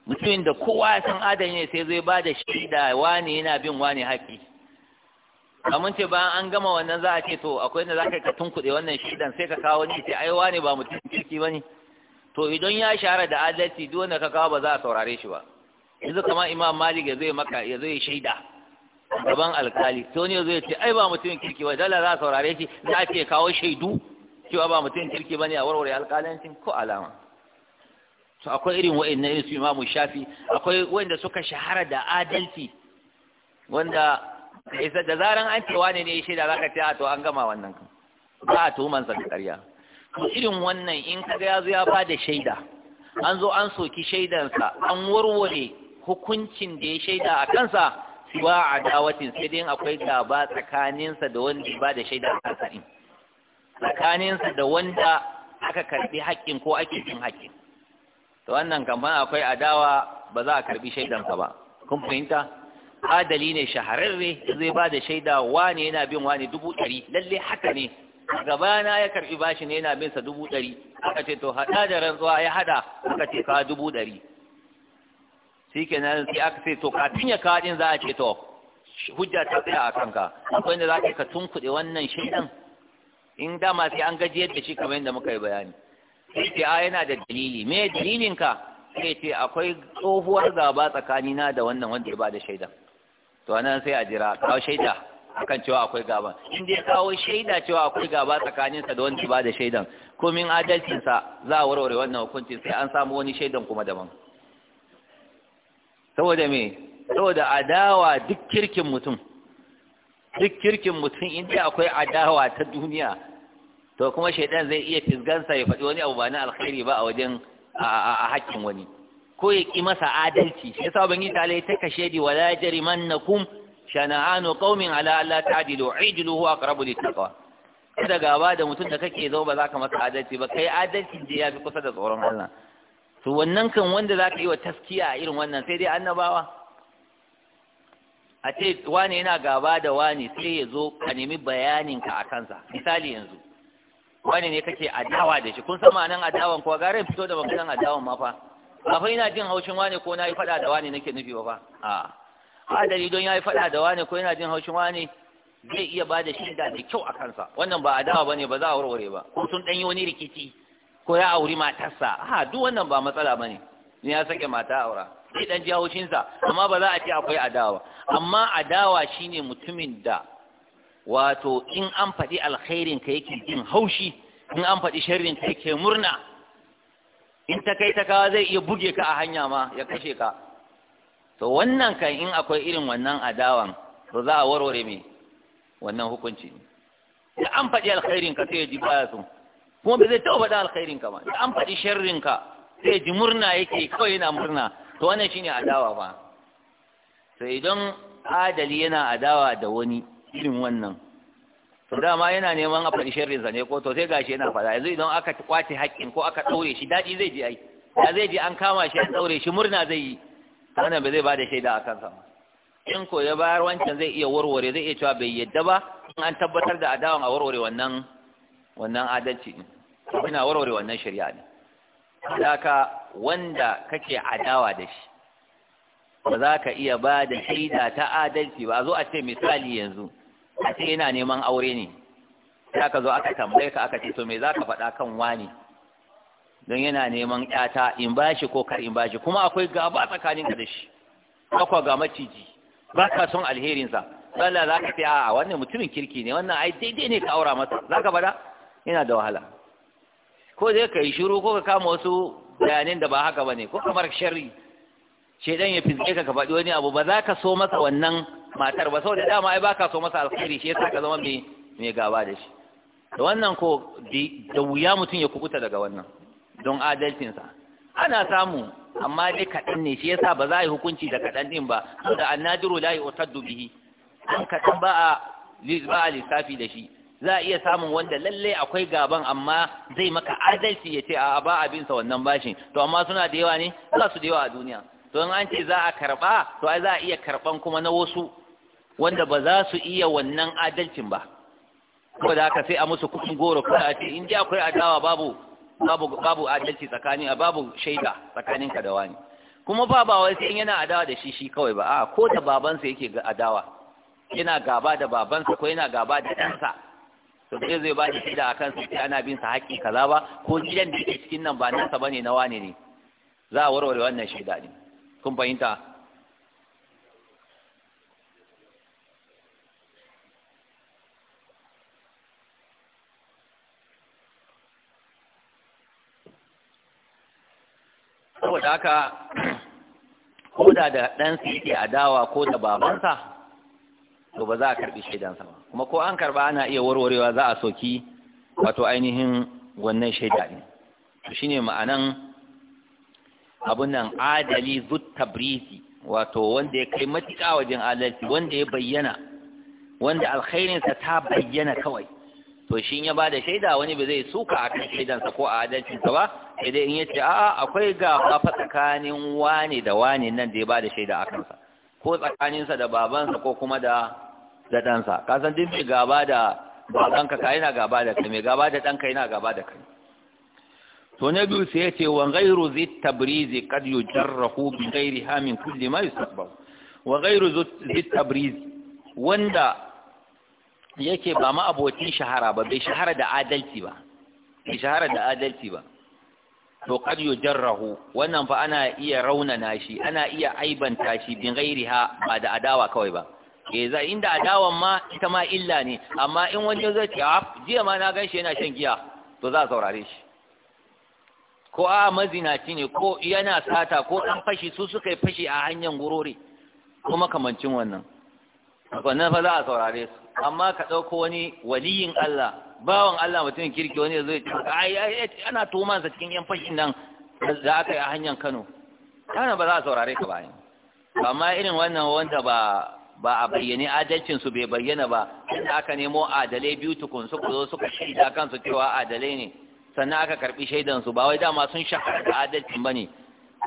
mutumin da kowa ya san adali ne sai zai bada shaida wani yana bin wani haƙi kamun ce bayan an gama wannan za a ce to akwai wanda za ka tunkuɗe wannan shaidan sai ka kawo ni sai ai wani ba mutum kirki ba ne to idan ya shahara da adalci duk wanda ka kawo ba za a saurare shi ba yanzu kama imam malik ya zai maka ya zai shaida gaban alkali to wani zai ya ce ai ba mutumin kirki ba dala za a saurare shi za a ce kawo shaidu cewa ba mutumin kirki bane a warware alkalancin ko alama to akwai irin wa'annan irin su imamu shafi akwai wanda suka shahara da adalci wanda da zaran an ce wane ne ya shaida zaka ce a to an gama wannan kan ba a tuhuman sa da ƙarya to irin wannan in kaga ya zo ya bada shaida an zo an soki shaidansa an warware hukuncin da ya shaida a kansa siwa dawatin sai dai akwai gaba tsakaninsa da wanda ba da shaidar hasarin tsakaninsa da wanda aka karbi haƙƙin ko ake cin haƙƙin to wannan kamfan akwai adawa ba za a karbi shaidansa ba kun fahimta adali ne shahararre zai ba da shaida ne yana bin ne dubu ɗari lalle haka ne gabana ya karbi bashi ne yana bin sa dubu ɗari aka ce to haɗa da rantsuwa ya haɗa aka ce ka dubu ɗari shi nan sai aka ce to kafin ya kaɗin za a ce to hujja ta tsaya a kanka akwai inda za ka ka tunkuɗe wannan shaidan in dama sai an gaji da shi kamar yadda muka yi bayani sai ce a yana da dalili me dalilinka sai ce akwai tsohuwar gaba tsakanina da wannan wanda ya ba da shaidan to anan sai a jira kawo shaida akan cewa akwai gaba in dai kawo shaida cewa akwai gaba tsakaninsa da wanda ba da shaidan komin adalcinsa za a warware wannan hukuncin sai an samu wani shaidan kuma daban saboda me saboda adawa duk kirkin mutum duk kirkin mutum inda akwai adawa ta duniya to kuma shaidan zai iya fisgansa ya faɗi wani abu ba na alkhairi ba a wajen a hakkin wani ko ya ƙi masa adalci ya sa ban yi ta tale ta kashe di wala jarimannakum shana'anu qaumin ala alla ta'dilu idilu huwa aqrabu taqwa kada gaba da mutum da kake zo ba za ka masa adalci ba kai adalci da ya fi kusa da tsoron Allah to wannan kan wanda za ka yi wa taskiya a irin wannan sai dai annabawa a ce wane yana gaba da wane sai ya zo ka nemi bayaninka a kansa misali yanzu wane ne kake adawa da shi kun sama nan adawan kuwa gara fito da maganan adawan ma fa kafin ina jin haushin wane ko na yi faɗa da wane nake nufi ba fa a adali don ya yi faɗa da wane ko yana jin haushin wane zai iya ba da shida da kyau a kansa wannan ba adawa ba ne ba za a warware ba ko sun ɗanyi wani rikici ko ya auri matarsa ha duk wannan ba matsala bane ne ya sake mata aura sai dan ji sa amma ba za a ce akwai adawa amma adawa shine mutumin da wato in an faɗi alkhairin ka yake jin haushi in an faɗi sharrin ka yake murna in ta kai ta kawa zai iya buge ka a hanya ma ya kashe ka to wannan kan in akwai irin wannan adawan to za a warware me wannan hukunci da an faɗi alkhairin ka sai ya ji baya su. kuma ba zai taɓa faɗa alkhairin ka ba da an faɗi sharrin ka sai ji murna yake kawai yana murna to wannan shine adawa ba sai idan adali yana adawa da wani irin wannan to dama yana neman a faɗi sharrin sa ne ko to sai gashi yana faɗa yanzu idan aka kwace haƙƙin ko aka ɗaure shi daɗi zai ji ai da zai ji an kama shi an ɗaure shi murna zai yi wannan ba zai ba da shaida a kansa ba in ko ya bayar wancan zai iya warware zai iya cewa bai yadda ba in an tabbatar da adawan a warware wannan wannan adalci din warware wannan shari'a ne haka wanda kake adawa da shi ba za ka iya ba da shaida ta adalci ba zo a ce misali yanzu a ce yana neman aure ne sai ka zo aka tambaye ka aka ce to me za ka faɗa kan wani don yana neman ƴata in ba shi ko kar in ba shi kuma akwai gaba tsakanin ka da shi akwa ga maciji ba ka son alherinsa sallah za ka ce a wannan mutumin kirki ne wannan ai daidai ne ka aura masa za ka faɗa yana da wahala ko zai ka yi shiru ko ka kama wasu bayanin da ba haka ba ne ko kamar sharri shedan ya fitse ka ka faɗi wani abu ba za ka so masa wannan matar ba saboda dama ai ba ka so masa alkhairi shi yasa ka zama mai mai gaba da shi da wannan ko da wuya mutum ya kukuta daga wannan don adalcinsa ana samu amma dai kaɗan ne shi yasa ba za a yi hukunci da kaɗan ɗin ba da annadiru la yi bihi an kaɗan ba a lissafi da shi za a iya samun wanda lallai akwai gaban amma zai maka adalci ya ce a ba abinsa wannan bashin to amma suna da yawa ne za su da yawa a duniya to in an ce za a karɓa to ai za a iya karban kuma na wasu wanda ba za su iya wannan adalcin ba ko da haka sai a musu kuɗin goro ko a ce in ji akwai adawa babu babu babu adalci tsakani a babu shaida tsakanin ka da wani kuma ba ba wai sai yana adawa da shi shi kawai ba a ko da babansa yake adawa yana gaba da babansa ko yana gaba da ɗansa to zai zai ba da shida akan su ana bin sa haƙi kaza ba ko gidan da yake cikin nan ba nasa bane na wane ne za a warware wannan shida ne kun fahimta saboda haka ko da da ɗansa yake adawa ko da babansa to ba za a karbi shaidansa ba kuma ko an karba ana iya warwarewa za a soki wato ainihin wannan shaida ne to shine ma'anan abun nan adali zut tabrizi wato wanda ya kai matuƙa wajen adalci wanda ya bayyana wanda alkhairinsa ta bayyana kawai to shi ya ba da shaida wani ba zai suka a shaidan shaidansa ko a adalcinsa ba sai dai in ya ce a'a akwai gafa kafa tsakanin wane da wane nan da ya ba da shaida a kansa ko tsakaninsa da babansa ko kuma da da ɗansa kasan duk mai gaba da ɗanka ka yana gaba da kai mai gaba da ɗanka yana gaba da kai to na biyu sai ya ce wa ghairu zai tabrizi kad yujarrahu bi ghairi hamin kulli ma yusabbu wa ghairu zai tabrizi wanda yake ba ma abokin shahara ba bai shahara da adalci ba bai shahara da adalci ba to kad jarrahu wannan fa ana iya raunana shi ana iya aibanta shi bin ghairiha ba da adawa kawai ba ke eh, za inda adawan ma ita ma illa ne amma in wani zai ce a ah, jiya ma na ganshi yana shan giya to za a saurare shi ko a mazinaci ne ko yana sata ko ɗan fashi su suka yi fashi a hanyar gurori kuma kamancin wannan wannan fa za a saurare su amma ka ɗauko wani waliyin Allah bawan Allah mutumin kirki wani zai ce ai ana tuhumansa cikin yan fashin nan da aka yi a hanyar Kano kana ba za a saurare ka bayan amma irin wannan wanda ba ba a bayyane adalcinsu bai bayyana ba inda aka nemo adalai biyu tukun suka zo suka shaida kansu cewa adalai ne sannan aka karbi shaidansu ba wai dama sun shahara da adalcin ba ne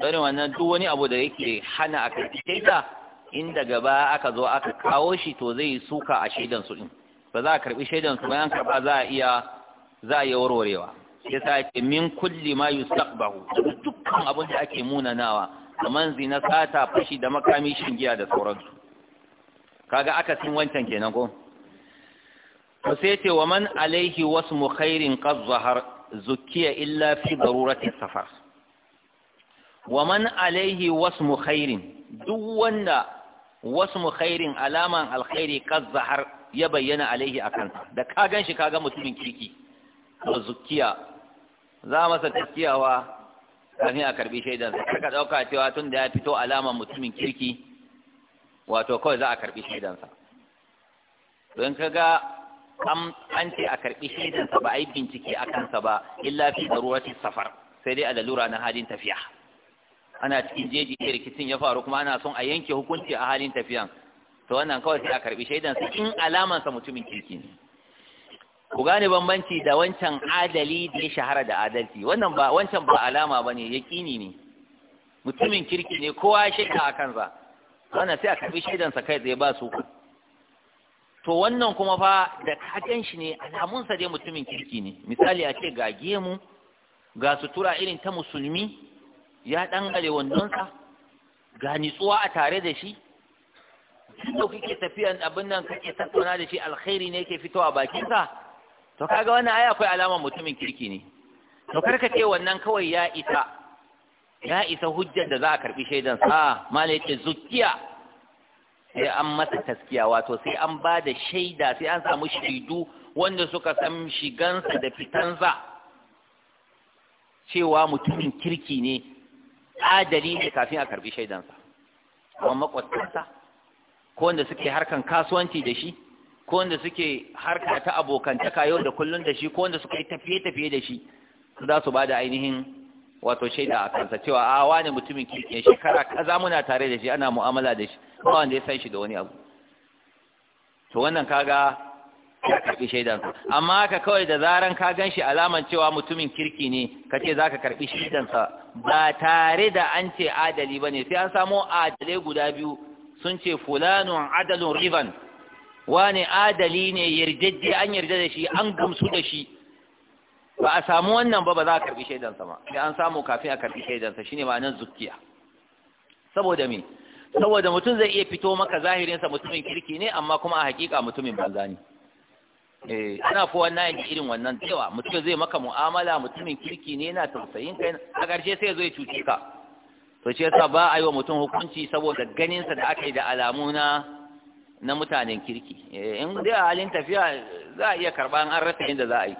don wannan duk wani abu da yake hana a karbi shaida in daga ba aka zo aka kawo shi to zai suka a shaidansu din ba za a karbi shaidansu bayan karba za a iya za a yi warwarewa sai sa ake min kulli ma yustaqbahu dukkan abin da ake munanawa kamar zina sata fashi da makami shin giya da sauransu kaga akasin wancan kenan ko to sai ce wa man alaihi mu khairin qad zahar zukiya illa fi darurati safar wa man alaihi mu khairin duk wanda wasu mu khairin alaman alkhairi qad zahar ya bayyana alaihi akan da ka ganshi kaga mutumin kirki to zukiya za masa taskiyawa kafin a karbi shaidansa, sai ka dauka cewa tun da ya fito alaman mutumin kirki wato kawai za a karɓi shaidansa don ka ga an ce a karɓi shaidansa ba a yi bincike a kansa ba illa fi darurati safar sai dai a lalura na halin tafiya ana cikin jeji ɗaya rikicin ya faru kuma ana son a yanke hukunci a halin tafiyan to wannan kawai sai a karɓi shaidansa in alamansa mutumin kirki ne ku gane bambanci da wancan adali da ya shahara da adalci wannan ba wancan ba alama ba ne yaƙini ne mutumin kirki ne kowa ya shaida a kansa wannan sai a karbi shaidansa kai tsaye ba su to wannan kuma fa da kagan shi ne alamunsa dai mutumin kirki ne misali a ce ga gemu ga sutura irin ta musulmi ya dangare wandonsa ga nitsuwa a tare da shi da kake tafiyan abin nan kake tattauna da shi alkhairi ne yake fitowa bakinsa to kaga wannan ai akwai alamar mutumin kirki ne to karka ce wannan kawai ya ita. ya isa hujjar da za a karbi shaidan sa mala zukiya sai an masa taskiya wato sai an ba da shaida sai an samu shaidu wanda suka san shigansa da fitansa cewa mutumin kirki ne adali ne kafin a karbi shaidansa kuma makwatansa ko wanda suke harkan kasuwanci da shi ko wanda suke harka ta abokantaka yau da kullun da shi ko wanda suka tafiye-tafiye da shi za su ba da ainihin wato shaida a kansa cewa a ah, wani mutumin kirkin shekara kaza muna tare da shi ana mu'amala da shi ba wanda ya san shi da wani abu to wannan kaga ya karbi sa amma ka kawai da zaran ka gan shi alaman cewa mutumin kirki ne ka ce za ka karbi shaidansa ba tare da an ce adali ba ne sai an samo adalai guda biyu sun ce fulanun adalun riban wani adali ne yarjejje an yarda da shi an gamsu da shi ba a samu wannan ba ba za a karbi shaidansa ba sai an samu kafin a karbi shaidansa shine ma'anar zukkiya saboda me saboda mutum zai iya fito maka zahirinsa mutumin kirki ne amma kuma a hakika mutumin banza ne eh ana fa wannan yanki irin wannan cewa mutum zai maka mu'amala mutumin kirki ne yana tausayin kai a ƙarshe sai zai cuce ka to shi yasa ba a yi wa mutum hukunci saboda ganinsa da aka yi da alamu na na mutanen kirki eh, in dai a halin tafiya za a iya karɓa an rasa inda za a yi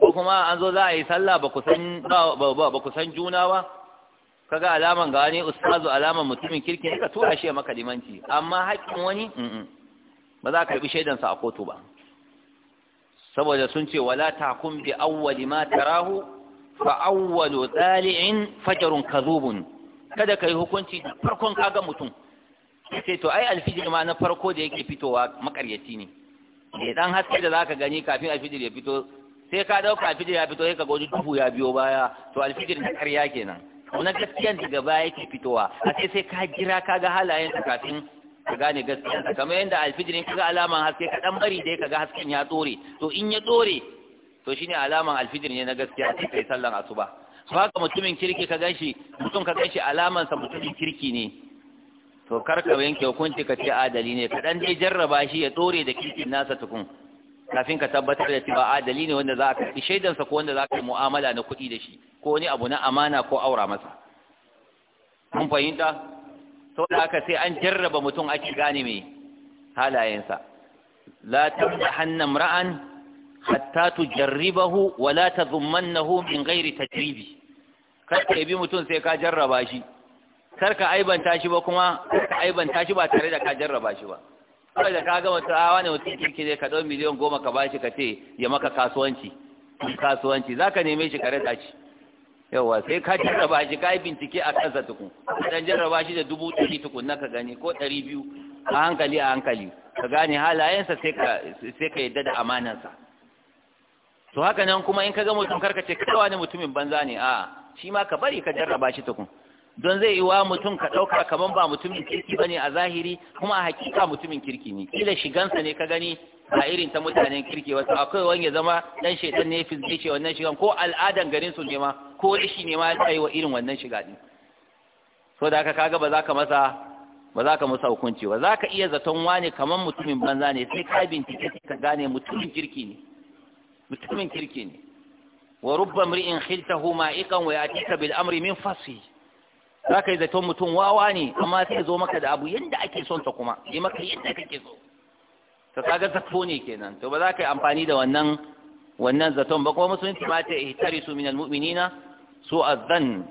ko kuma an zo za a yi sallah ba ku san juna ba kaga alaman ga wani ustazu alaman mutumin kirki ne ka tura shi maka limanci amma haƙƙin wani ba za ka shaidan shaidansa a kotu ba saboda sun ce wala takum bi awwali ma tarahu fa awwalu dali'in fajarun kadhubun kada kai hukunci farkon kaga mutum sai to ai alfijir ma na farko da yake fitowa makaryaci ne dan haske da zaka gani kafin alfijir ya fito sai ka dauka alfijir ya fito sai ka goji dubu ya biyo baya to alfijir na ƙarya kenan wannan gaskiyan daga baya yake fitowa a sai sai ka jira ka ga halayen ka kafin ka gane gaskiyan ka kamar yadda alfijirin ka ga alaman haske ka dan bari dai ka ga hasken ya tsore to in ya tsore to shine alaman alfijir ne na gaskiya sai kai sallan asuba to haka mutumin kirki ka ganshi mutum ka ganshi alaman sa mutumin kirki ne to kar ka yanke hukunci ka ce adali ne ka dan dai jarraba shi ya dore da kirkin nasa tukun kafin ka tabbatar da cewa adali ne wanda za a karɓi shaidansa ko wanda za ka yi mu'amala na kuɗi da shi ko wani abu na amana ko aura masa mun fahimta sau da haka sai an jarraba mutum ake gane mai halayensa la tabda hannan ra'an hatta tujarribahu wa la tazummannahu min ghairi tajribi kar ka yabi mutum sai ka jarraba shi kar ka aibanta shi ba kuma ka aibanta shi ba tare da ka jarraba shi ba kawai da ka gama turawa ah, ne mutum kirki ne ka ɗau miliyan goma ka bashi ka ce ya maka kasuwanci kasuwanci za ka neme shi ka rasa shi yawa sai ka jarraba shi ka yi bincike a kansa tukun dan jarraba shi da dubu ɗari tukun na ka gani ko ɗari biyu a hankali a hankali ka gane halayensa sai ka yadda da amanansa to haka nan kuma in ka ga mutum karka ce kawai ne mutumin banza ne a'a shi ma ka bari ka jarraba shi tukun don zai yi wa mutum ka ɗauka kamar ba mutumin kirki ba ne a zahiri kuma a hakika mutumin kirki ne kila shigansa ne ka gani a irin ta mutanen kirki wasu akwai wani ya zama ɗan shaitan ne fizge ce wannan shigan ko al'adan garin su ne ma ko rashi ne ma ya yi wa irin wannan shiga ɗin so da aka kaga ba za ka masa ba za ka masa hukunci ba za ka iya zaton wani kamar mutumin banza ne sai ka bincike ka gane mutumin kirki ne mutumin kirki ne wa rubba mri'in khiltahu ma'iqan wa yatika bil amri min fasih za ka yi zaton mutum wawa ne amma sai zo maka da abu yadda ake son ta kuma yi maka yadda kake so ta kaga zato ne kenan to ba za ka yi amfani da wannan wannan zaton ba kuma musulunci ma ta ihtari su minal mu'minina su azzan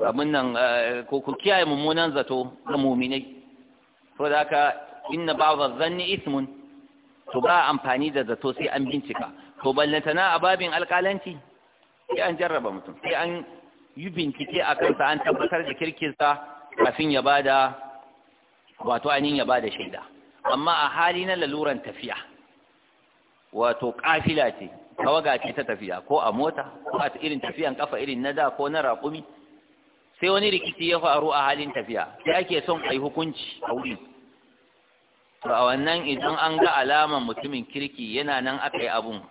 abin nan eh, ko ku kiyaye mummunan zato na mu'minai to da ka inna ba'dha dhanni ismun to ba amfani da zato sai an bincika to ballantana a babin alƙalanci sai an jarraba mutum sai an yi bincike a kansa an tabbatar da kirkinsa kafin ya bada wato ainihin ya bada shaida amma a hali na laluran tafiya wato kafila ce kawaga ce ta tafiya ko a mota ko a irin tafiyan kafa irin na da ko na raƙumi sai wani rikici ya faru a halin tafiya sai ake son a yi hukunci a wuri to a wannan idan an ga alaman mutumin kirki yana nan aka yi abun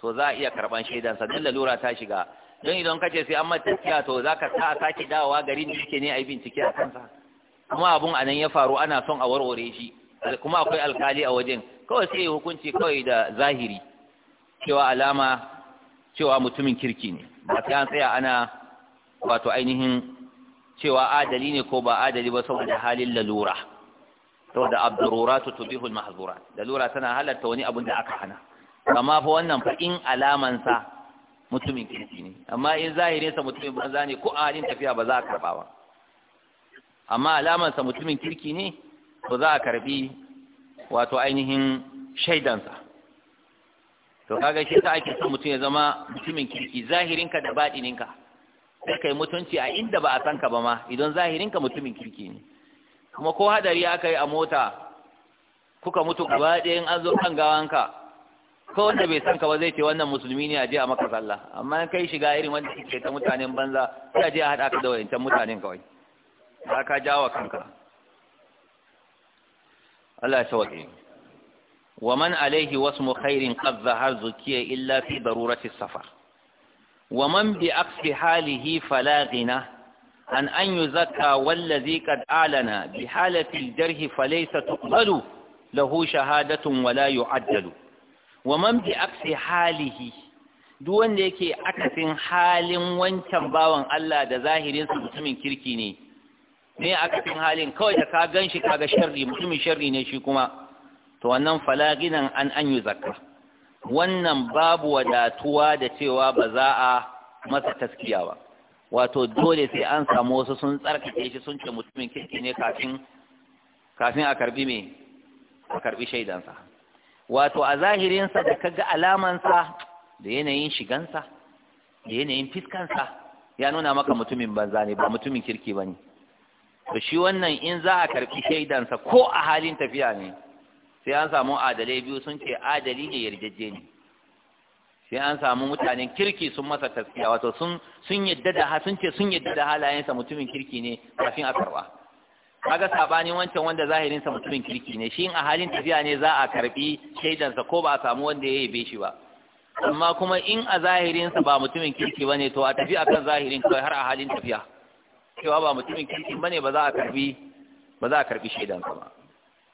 to za a iya karɓan shaidansa don lalura ta shiga don idan ka ce sai an mata tafiya to za ka sa a sake dawowa garin da yake ne a yi bincike a kansa kuma abun a nan ya faru ana son a warware shi kuma akwai alkali a wajen kawai sai hukunci kawai da zahiri cewa alama cewa mutumin kirki ne ba sai an tsaya ana wato ainihin cewa adali ne ko ba adali ba saboda halin lalura saboda abdururatu tubihu al-mahzurat lalura tana halatta wani abin da aka hana amma fa wannan fa in alamansa mutumin kirki ne amma in zahirinsa mutumin banza ne ko a halin tafiya ba za a karba ba amma alamansa mutumin kirki ne to za a karbi wato ainihin shaidansa to kaga shi ta ake son mutum ya zama mutumin kirki zahirinka da baɗininka sai kai mutunci a inda ba a san ka ba ma idan zahirinka mutumin kirki ne kuma ko hadari aka yi a mota kuka mutu gaba ɗayan an zo kan gawanka ko wanda bai san ka ba zai ce wannan musulmi ne a je a maka sallah amma in kai shiga irin wanda kike ta mutanen banza sai a je a hada ka da wayancan mutanen kawai ba ka jawo kanka Allah ya sauke wa man alaihi wasmu khairin qad zahar zukiya illa fi darurati safar wa man bi aqsi halihi fala ghina an an yuzakka wallazi qad alana bi halati aljarh falaysa tuqbalu lahu shahadatun wala yu'addalu wa man bi aksi halihi duk wanda yake akasin halin wancan bawan Allah da zahirin su mutumin kirki ne ne akasin halin kawai da ka ganshi kaga sharri mutumin sharri ne shi kuma to wannan falaginan an an yi zakka wannan babu wadatuwa da cewa ba za a masa taskiya ba wato dole sai an samu wasu sun tsarkake shi sun ce mutumin kirki ne kafin kafin a karbi me a karbi shaidansa wato a zahirinsa da kaga alamansa da yanayin shigansa da yanayin fiskansa ya nuna maka mutumin banza ne ba mutumin kirki ba ne to shi wannan in za a karfi shaidansa ko a halin tafiya ne sai an samu adalai biyu sun ce adali ne yarjejje ne sai an samu mutanen kirki sun masa taskiya wato sun yadda da ce sun yadda da halayensa mutumin kirki ne kafin a karɓa kaga sabanin wancan wanda zahirin sa mutumin kirki ne shi a halin tafiya ne za a karbi shaidan sa ko ba a samu wanda ya be shi ba amma kuma in a zahirin sa ba mutumin kirki bane to a tafi akan zahirin kai har a halin tafiya cewa ba mutumin kirki bane ba za a karbi ba za a karbi shaidan sa ba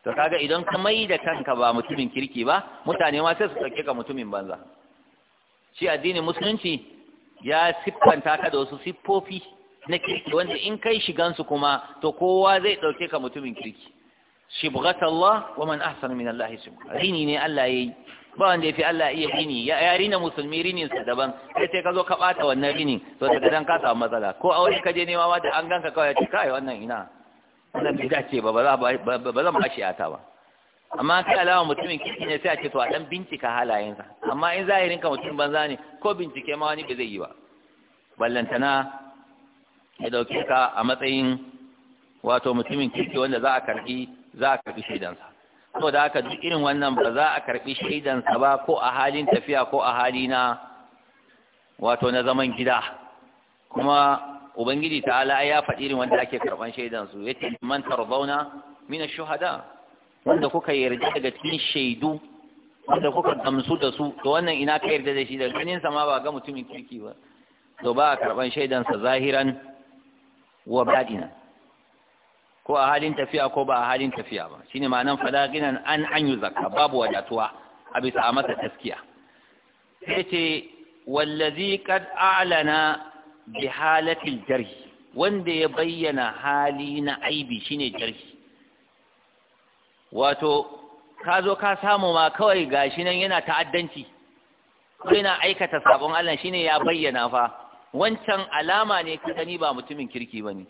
to kaga idan ka mai da kanka ba mutumin kirki ba mutane ma sai su dauke ka mutumin banza shi addinin musulunci ya siffanta ka da wasu siffofi na kirki wanda in kai shigansu kuma to kowa zai ɗauke ka mutumin kirki shibghatallah wa man ahsana min Allah subhanahu rini ne Allah yayi ba wanda yafi Allah iya rini ya rina musulmi rinin sa daban sai sai ka zo ka bata wannan rinin to daga dan ka samu matsala ko aure ka je nema ma da an ganka kawai ya ce kai wannan ina wannan bai ce ba ba za mu ashe ta ba amma kai alama mutumin kirki ne sai a ce to a dan bincika halayensa amma in zahirin ka mutum banza ne ko bincike ma wani ba zai yi ba ballantana ya dauke ka a matsayin wato mutumin kirki wanda za a karbi za a karbi shaidansa so da aka duk irin wannan ba za a karbi shaidansa ba ko a halin tafiya ko a hali na wato na zaman gida kuma ubangiji ta'ala ya faɗi irin wanda ake karban shaidansu ce man tarzauna min ash-shuhada wanda kuka yarda daga cikin shaidu wanda kuka gamsu da su to wannan ina ka yarda da shi da ganin sa ma ba ga mutumin kirki ba to ba a karban shaidansa zahiran wa baɗina ko a halin tafiya ko ba a halin tafiya ba shine ma'anan fada ginan an an yi zakka babu wadatuwa a bisa a masa taskiya sai ce wallazi a'lana bi halatil jarhi wanda ya bayyana hali na aibi shine jarhi wato ka zo ka samu ma kawai gashi nan yana ta'addanci ko yana aikata sabon Allah shine ya bayyana fa wancan alama ne ka gani ba mutumin kirki ba ne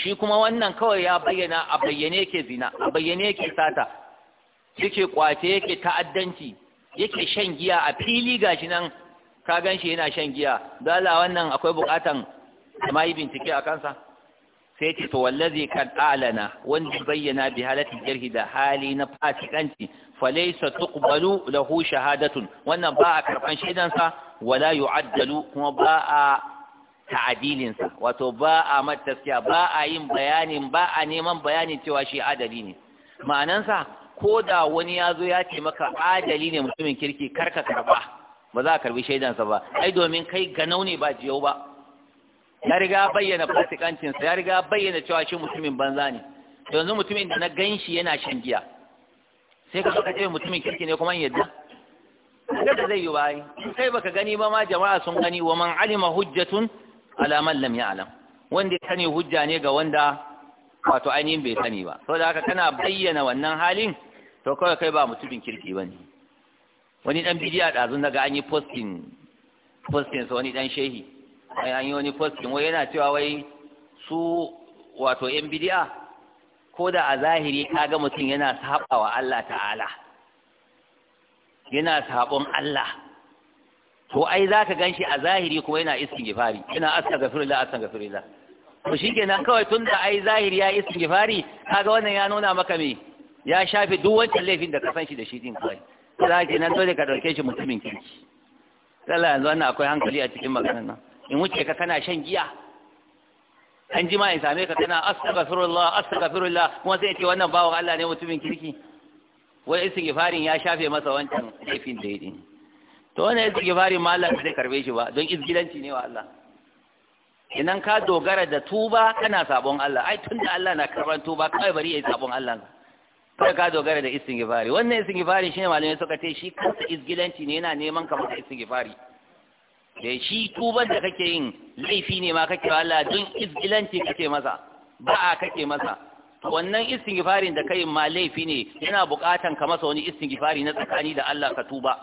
shi kuma wannan kawai ya bayyana a bayyane yake zina a bayyane yake sata yake kwace yake ta'addanci yake shan giya a fili gashi nan ka gan shi yana shan giya dala wannan akwai bukatan ma bincike a kansa sai ce to wallazi kad alana wanda bayyana bi halatin jarhi da hali na fasikanci falaysa tuqbalu lahu shahadatun wannan ba a karban shaidan sa wala yu'addalu kuma ba a sa wato ba a mataskiya ba a yin bayanin ba a neman bayanin cewa shi adali ne ma'anan sa ko da wani ya zo ya ce maka adali ne mutumin kirki karka karba ba za a karbi shaidan sa ba ai domin kai ganau ne ba jiyau ba ya riga bayyana fasikancinsa ya riga bayyana cewa shi mutumin banza ne yanzu mutumin da na ganshi yana shan giya sai ka ka ce mutumin kirki ne kuma yadda da zai yi bayi sai baka gani ba ma jama'a sun gani wa man alima hujjatun ala man lam ya'lam wanda ya sani hujja ne ga wanda wato ainihin bai sani ba da haka kana bayyana wannan halin to kawai kai ba mutumin kirki bane wani dan bidiya zun daga an yi posting posting sa wani dan shehi an yi wani postin wai yana cewa wai su wato yan bidi'a ko da a zahiri kaga mutum yana saɓawa wa Allah ta'ala yana saɓon Allah to ai za ka ganshi a zahiri kuma yana iskin gifari yana ga astaghfirullah to kenan kawai tun da ai zahiri ya iskin Ka kaga wannan ya nuna maka me ya shafi duk wancan laifin da ka san shi da shi din kawai za ki nan dole ka ɗauke shi mutumin kirki sallah yanzu wannan akwai hankali a cikin maganar nan in wuce ka kana shan giya an ma in same ka kana astaghfirullah astaghfirullah kuma sai ce wannan bawan Allah ne mutumin kirki wai istighfarin ya shafe masa wancan laifin da yake to wannan istighfarin ma Allah zai karbe shi ba don izgilanci ne wa Allah idan ka dogara da tuba kana sabon Allah ai tunda Allah na karban tuba kai bari yayi sabon Allah Kada ka dogara da istighfari wannan istighfari shine malamai suka ce shi kansa izgilanci ne yana neman ka maka istighfari da shi tuban da kake yin laifi ne ma kake wa Allah don izgilanci kake masa ba a kake masa wannan istighfarin da kai ma laifi ne yana buƙatan ka masa wani istighfari na tsakani da Allah ka tuba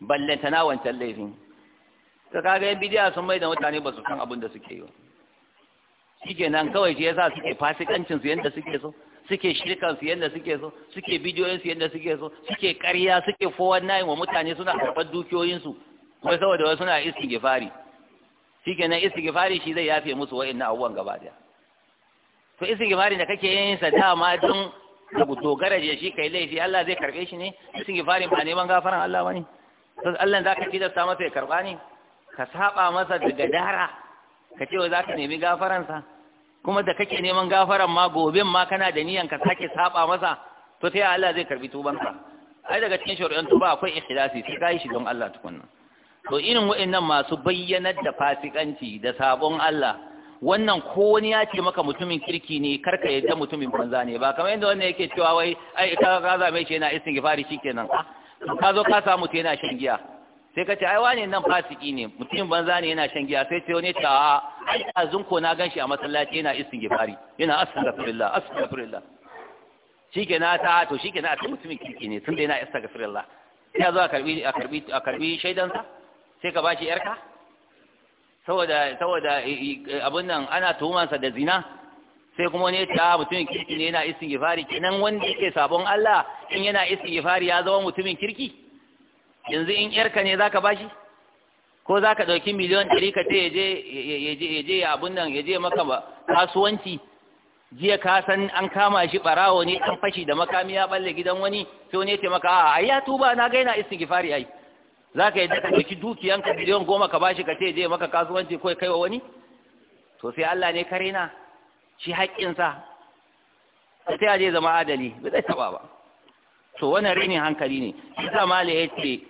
ballanta na wancan laifin ka kaga yan bidiya sun mai da mutane ba su san abin da suke yi nan kawai shi yasa suke fasikancin su yanda suke so suke shirkan su yanda suke so suke bidiyoyin su yanda suke so suke ƙarya suke 419 wa mutane suna karɓar dukiyoyin su wai saboda wasu na istighfari shikenan istighfari shi zai yafe musu wa'annan abubuwan gaba daya to istighfari da kake yin sa dama don da dogara da shi kai laifi Allah zai karbe shi ne istighfari ba neman gafaran Allah bane to Allah zaka ci da sa masa ya karba ne ka saba masa daga dara ka ce za ka nemi gafaransa kuma da kake neman gafaran ma goben ma kana da niyan ka sake saba masa to sai Allah zai karbi tubanka ai daga cikin shari'an tuba akwai ikhlasi sai kai shi don Allah tukunna to irin wa'annan masu bayyanar da fasikanci da sabon Allah wannan ko wani ya ce maka mutumin kirki ne karka yadda mutumin banza ne ba kamar yadda wannan yake cewa wai ai ka za mai ce yana istighfari shikenan ah, ka zo ka samu ta yana shan giya sai ka ce ai wane nan fasiki ne mutumin banza ne yana shan giya sai ce wani ta ai azun ko na ganshi a masallaci yana istighfari yana astaghfirullah astaghfirullah shikenan ta to shikenan a mutumin kirki ne tunda yana astaghfirullah ya zo a karbi a karbi a karbi shaidansa sai ka bashi yarka saboda saboda abin nan ana tuhumansa da zina sai kuma ne ta ah, mutumin kirki ne yana isin gifari kenan wanda yake sabon Allah in yana isin gifari ya zama mutumin kirki yanzu in yarka ne zaka bashi ko zaka dauki miliyon 100 ka ce ya je yaje abin nan je maka kasuwanci jiya ka san an kama shi barawo ne an fashi da makami ya balle gidan wani sai wani ya ce maka a ya tuba na ga yana gifari ai za ka yadda ka ɗauki dukiyanka biliyan goma ka bashi ka ce je maka kasuwanci ko kai wa wani to sai Allah ne kare na shi haƙƙinsa sai a je zama adali bai zai taɓa ba to wannan rinin hankali ne isa mala ya ce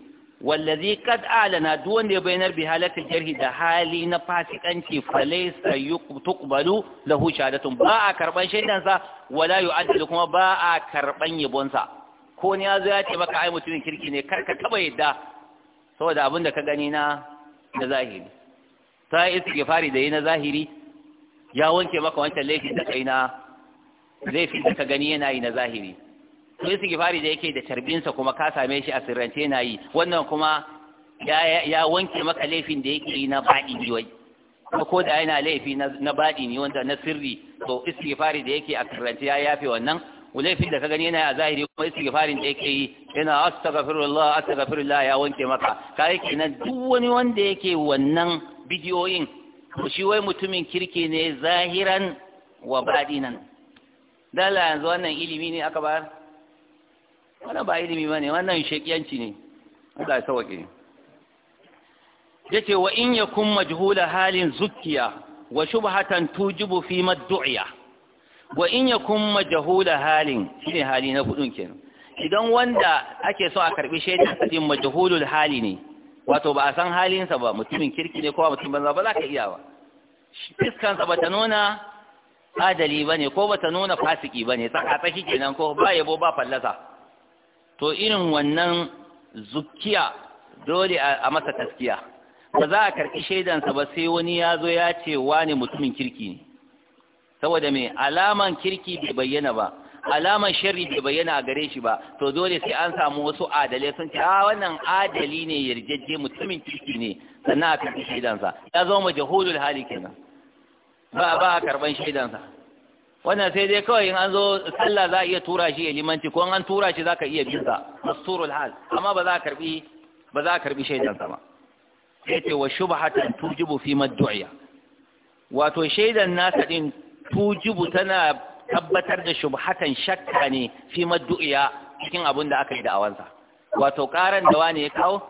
wallazi kad alana duk wanda ya bayyana bi halatin jarhi da hali na fasikanci falaysa yuqbalu lahu shahadatun ba a karban shaidansa wala yu'addu kuma ba a karban yabonsa ko ne ya zo ya ce maka ai mutumin kirki ne kar ka taba yadda saboda abin da ka gani na na zahiri ta istighfari da yi na zahiri ya wanke maka wancan laifin da kai na laifi da ka gani yana yi na zahiri to istighfari da yake da tarbinsa kuma ka same shi a sirrance yana yi wannan kuma ya ya wanke maka laifin da yake yi na baɗi biyoyi ko da yana laifi na baɗi ne wanda na sirri to istighfari da yake a sirrance ya yafe wannan laifin da ka gani yana a zahiri kuma istighfarin da yake yi yana astaghfirullah astaghfirullah ya wanke maka kai kenan duk wani wanda yake wannan bidiyoyin to shi wai mutumin kirki ne zahiran wa badinan dala yanzu wannan ilimi ne aka bayar wannan ba ilimi bane wannan shekiyanci ne Allah ya sauke wa in yakun majhula halin zukiya, wa shubhatan tujibu fi wa in yakun majhula halin shine hali na kudin kenan idan wanda ake so a karbi shaida din majhulul hali ne wato ba a san halinsa ba mutumin kirki ne ko mutum banza ba za ka iya ba fiskansa ba ta nuna adali bane ko ba ta nuna fasiki bane ne tsaki kenan ko ba yabo ba fallasa to irin wannan zukiya dole a masa taskiya ba za a karɓi shaidansa ba sai wani ya zo ya ce wani mutumin kirki ne saboda me alaman kirki bai bayyana ba alaman sharri bai bayyana a gare shi ba to dole sai an samu wasu adalai sun ce a ah, wannan adali ne yarjejje mutumin kirki ne sannan a karɓi shaidansa ya zama majahulul hali kenan ba ba a karɓan shaidansa wannan sai dai kawai in an zo sallah za a iya tura shi ya limanci ko an tura shi za ka iya bin sa masturul hal amma ba za a karɓi ba za a karɓi shaidansa ba sai ce wa shubhatan tujibu fi maddu'iya wato shaidan nasa din Tujubu tana tabbatar da shubhatan shakka ne fi maddu'iya cikin abin da aka yi da awansa wato karan da wani ya kawo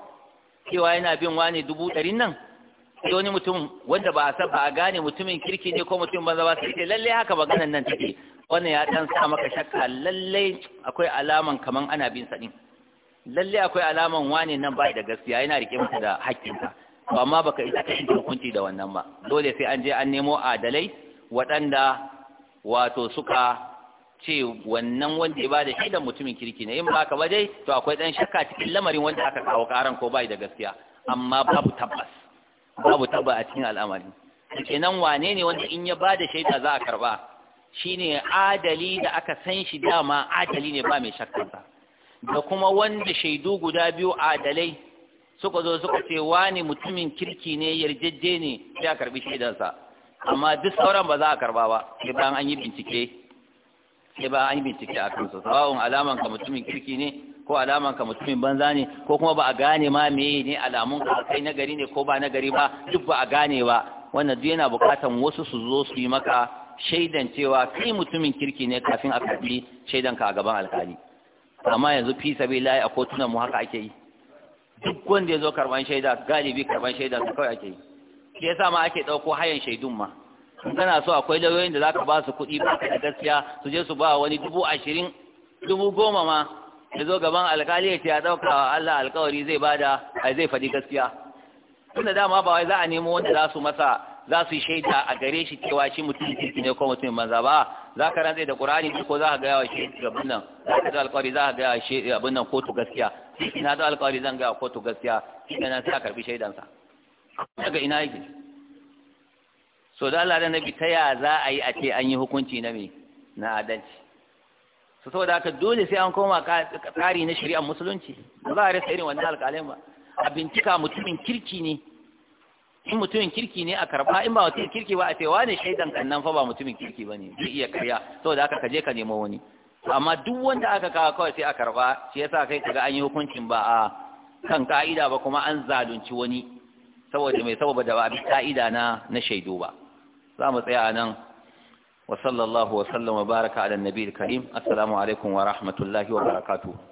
cewa yana bin wani dubu ɗari nan sai wani mutum wanda ba a san ba a gane mutumin kirki ne ko mutum banza ba sai lallai haka maganan nan take wannan ya dan sa maka shakka lallai akwai alaman kaman ana bin sa din lallai akwai alaman wani nan ba da gaskiya yana rike masa da hakkinsa amma baka isa ka hukunci da wannan ba dole sai an je an nemo adalai waɗanda wato suka ce wannan wanda ya ba da shaidan mutumin kirki ne in ba ka ba dai to akwai ɗan shakka cikin lamarin wanda aka kawo ƙaran ko bai da gaskiya amma babu tabbas babu tabba a cikin al'amari kenan wane ne wanda in ya ba da shaida za a karba shine adali da aka san shi dama adali ne ba mai shakkansa da kuma wanda shaidu guda biyu adalai suka zo suka ce wani mutumin kirki ne yarjejje ne sai a karbi shaidansa amma duk sauran ba za a karba ba sai bayan an yi bincike sai bayan an yi bincike a kansu sawa'un alaman ka mutumin kirki ne ko alaman ka mutumin banza ne ko kuma ba a gane ma meye ne alamun ka kai na gari ne ko ba na gari ba duk ba a gane ba wannan duk yana bukatan wasu su zo su yi maka shaidan cewa kai mutumin kirki ne kafin a karbi shaidan ka a gaban alkali amma yanzu fi sabi layi a kotunan mu haka ake yi duk wanda ya zo karban shaida galibi karban shaida su kawai ake yi shi yasa ma ake ɗauko hayan shaidun ma in kana so akwai lauyoyin da za ka ba su kuɗi ba ka da gaskiya su je su ba wani dubu ashirin dubu goma ma ya zo gaban alkali ya ce ya ɗauka wa Allah alkawari zai bada ai zai faɗi gaskiya tunda dama ba wai za a nemo wanda za su masa za su yi shaida a gare shi cewa shi mutum kirki ne ko mutum manza ba za ka rantsa da qur'ani ko za ka gaya wa shi abin nan za ka da alƙawari za ka gaya wa shi abin nan kotu gaskiya ina da alkawari zan gaya kotu gaskiya shi ne nan sai a karbi shaidansa daga ina yake so da Allah da nabi ta ya za a yi a ce an yi hukunci na me na adalci so saboda haka dole sai an koma tsari na shari'ar musulunci ba za a rasa irin wannan alƙalai ba a bincika mutumin kirki ne in mutumin kirki ne a karba in ba mutumin kirki ba a ce wane shaidan kannan fa ba mutumin kirki ba ne zai iya karya saboda haka ka je ka nemo wani amma duk wanda aka kawo kawai sai a karba shi yasa kai kaga an yi hukuncin ba a kan ka'ida ba kuma an zalunci wani saboda mai saboda da ba bi ka'ida na na shaidu ba za mu tsaya nan wa sallallahu wa wa baraka ala nabiyil karim assalamu alaikum wa rahmatullahi wa barakatuh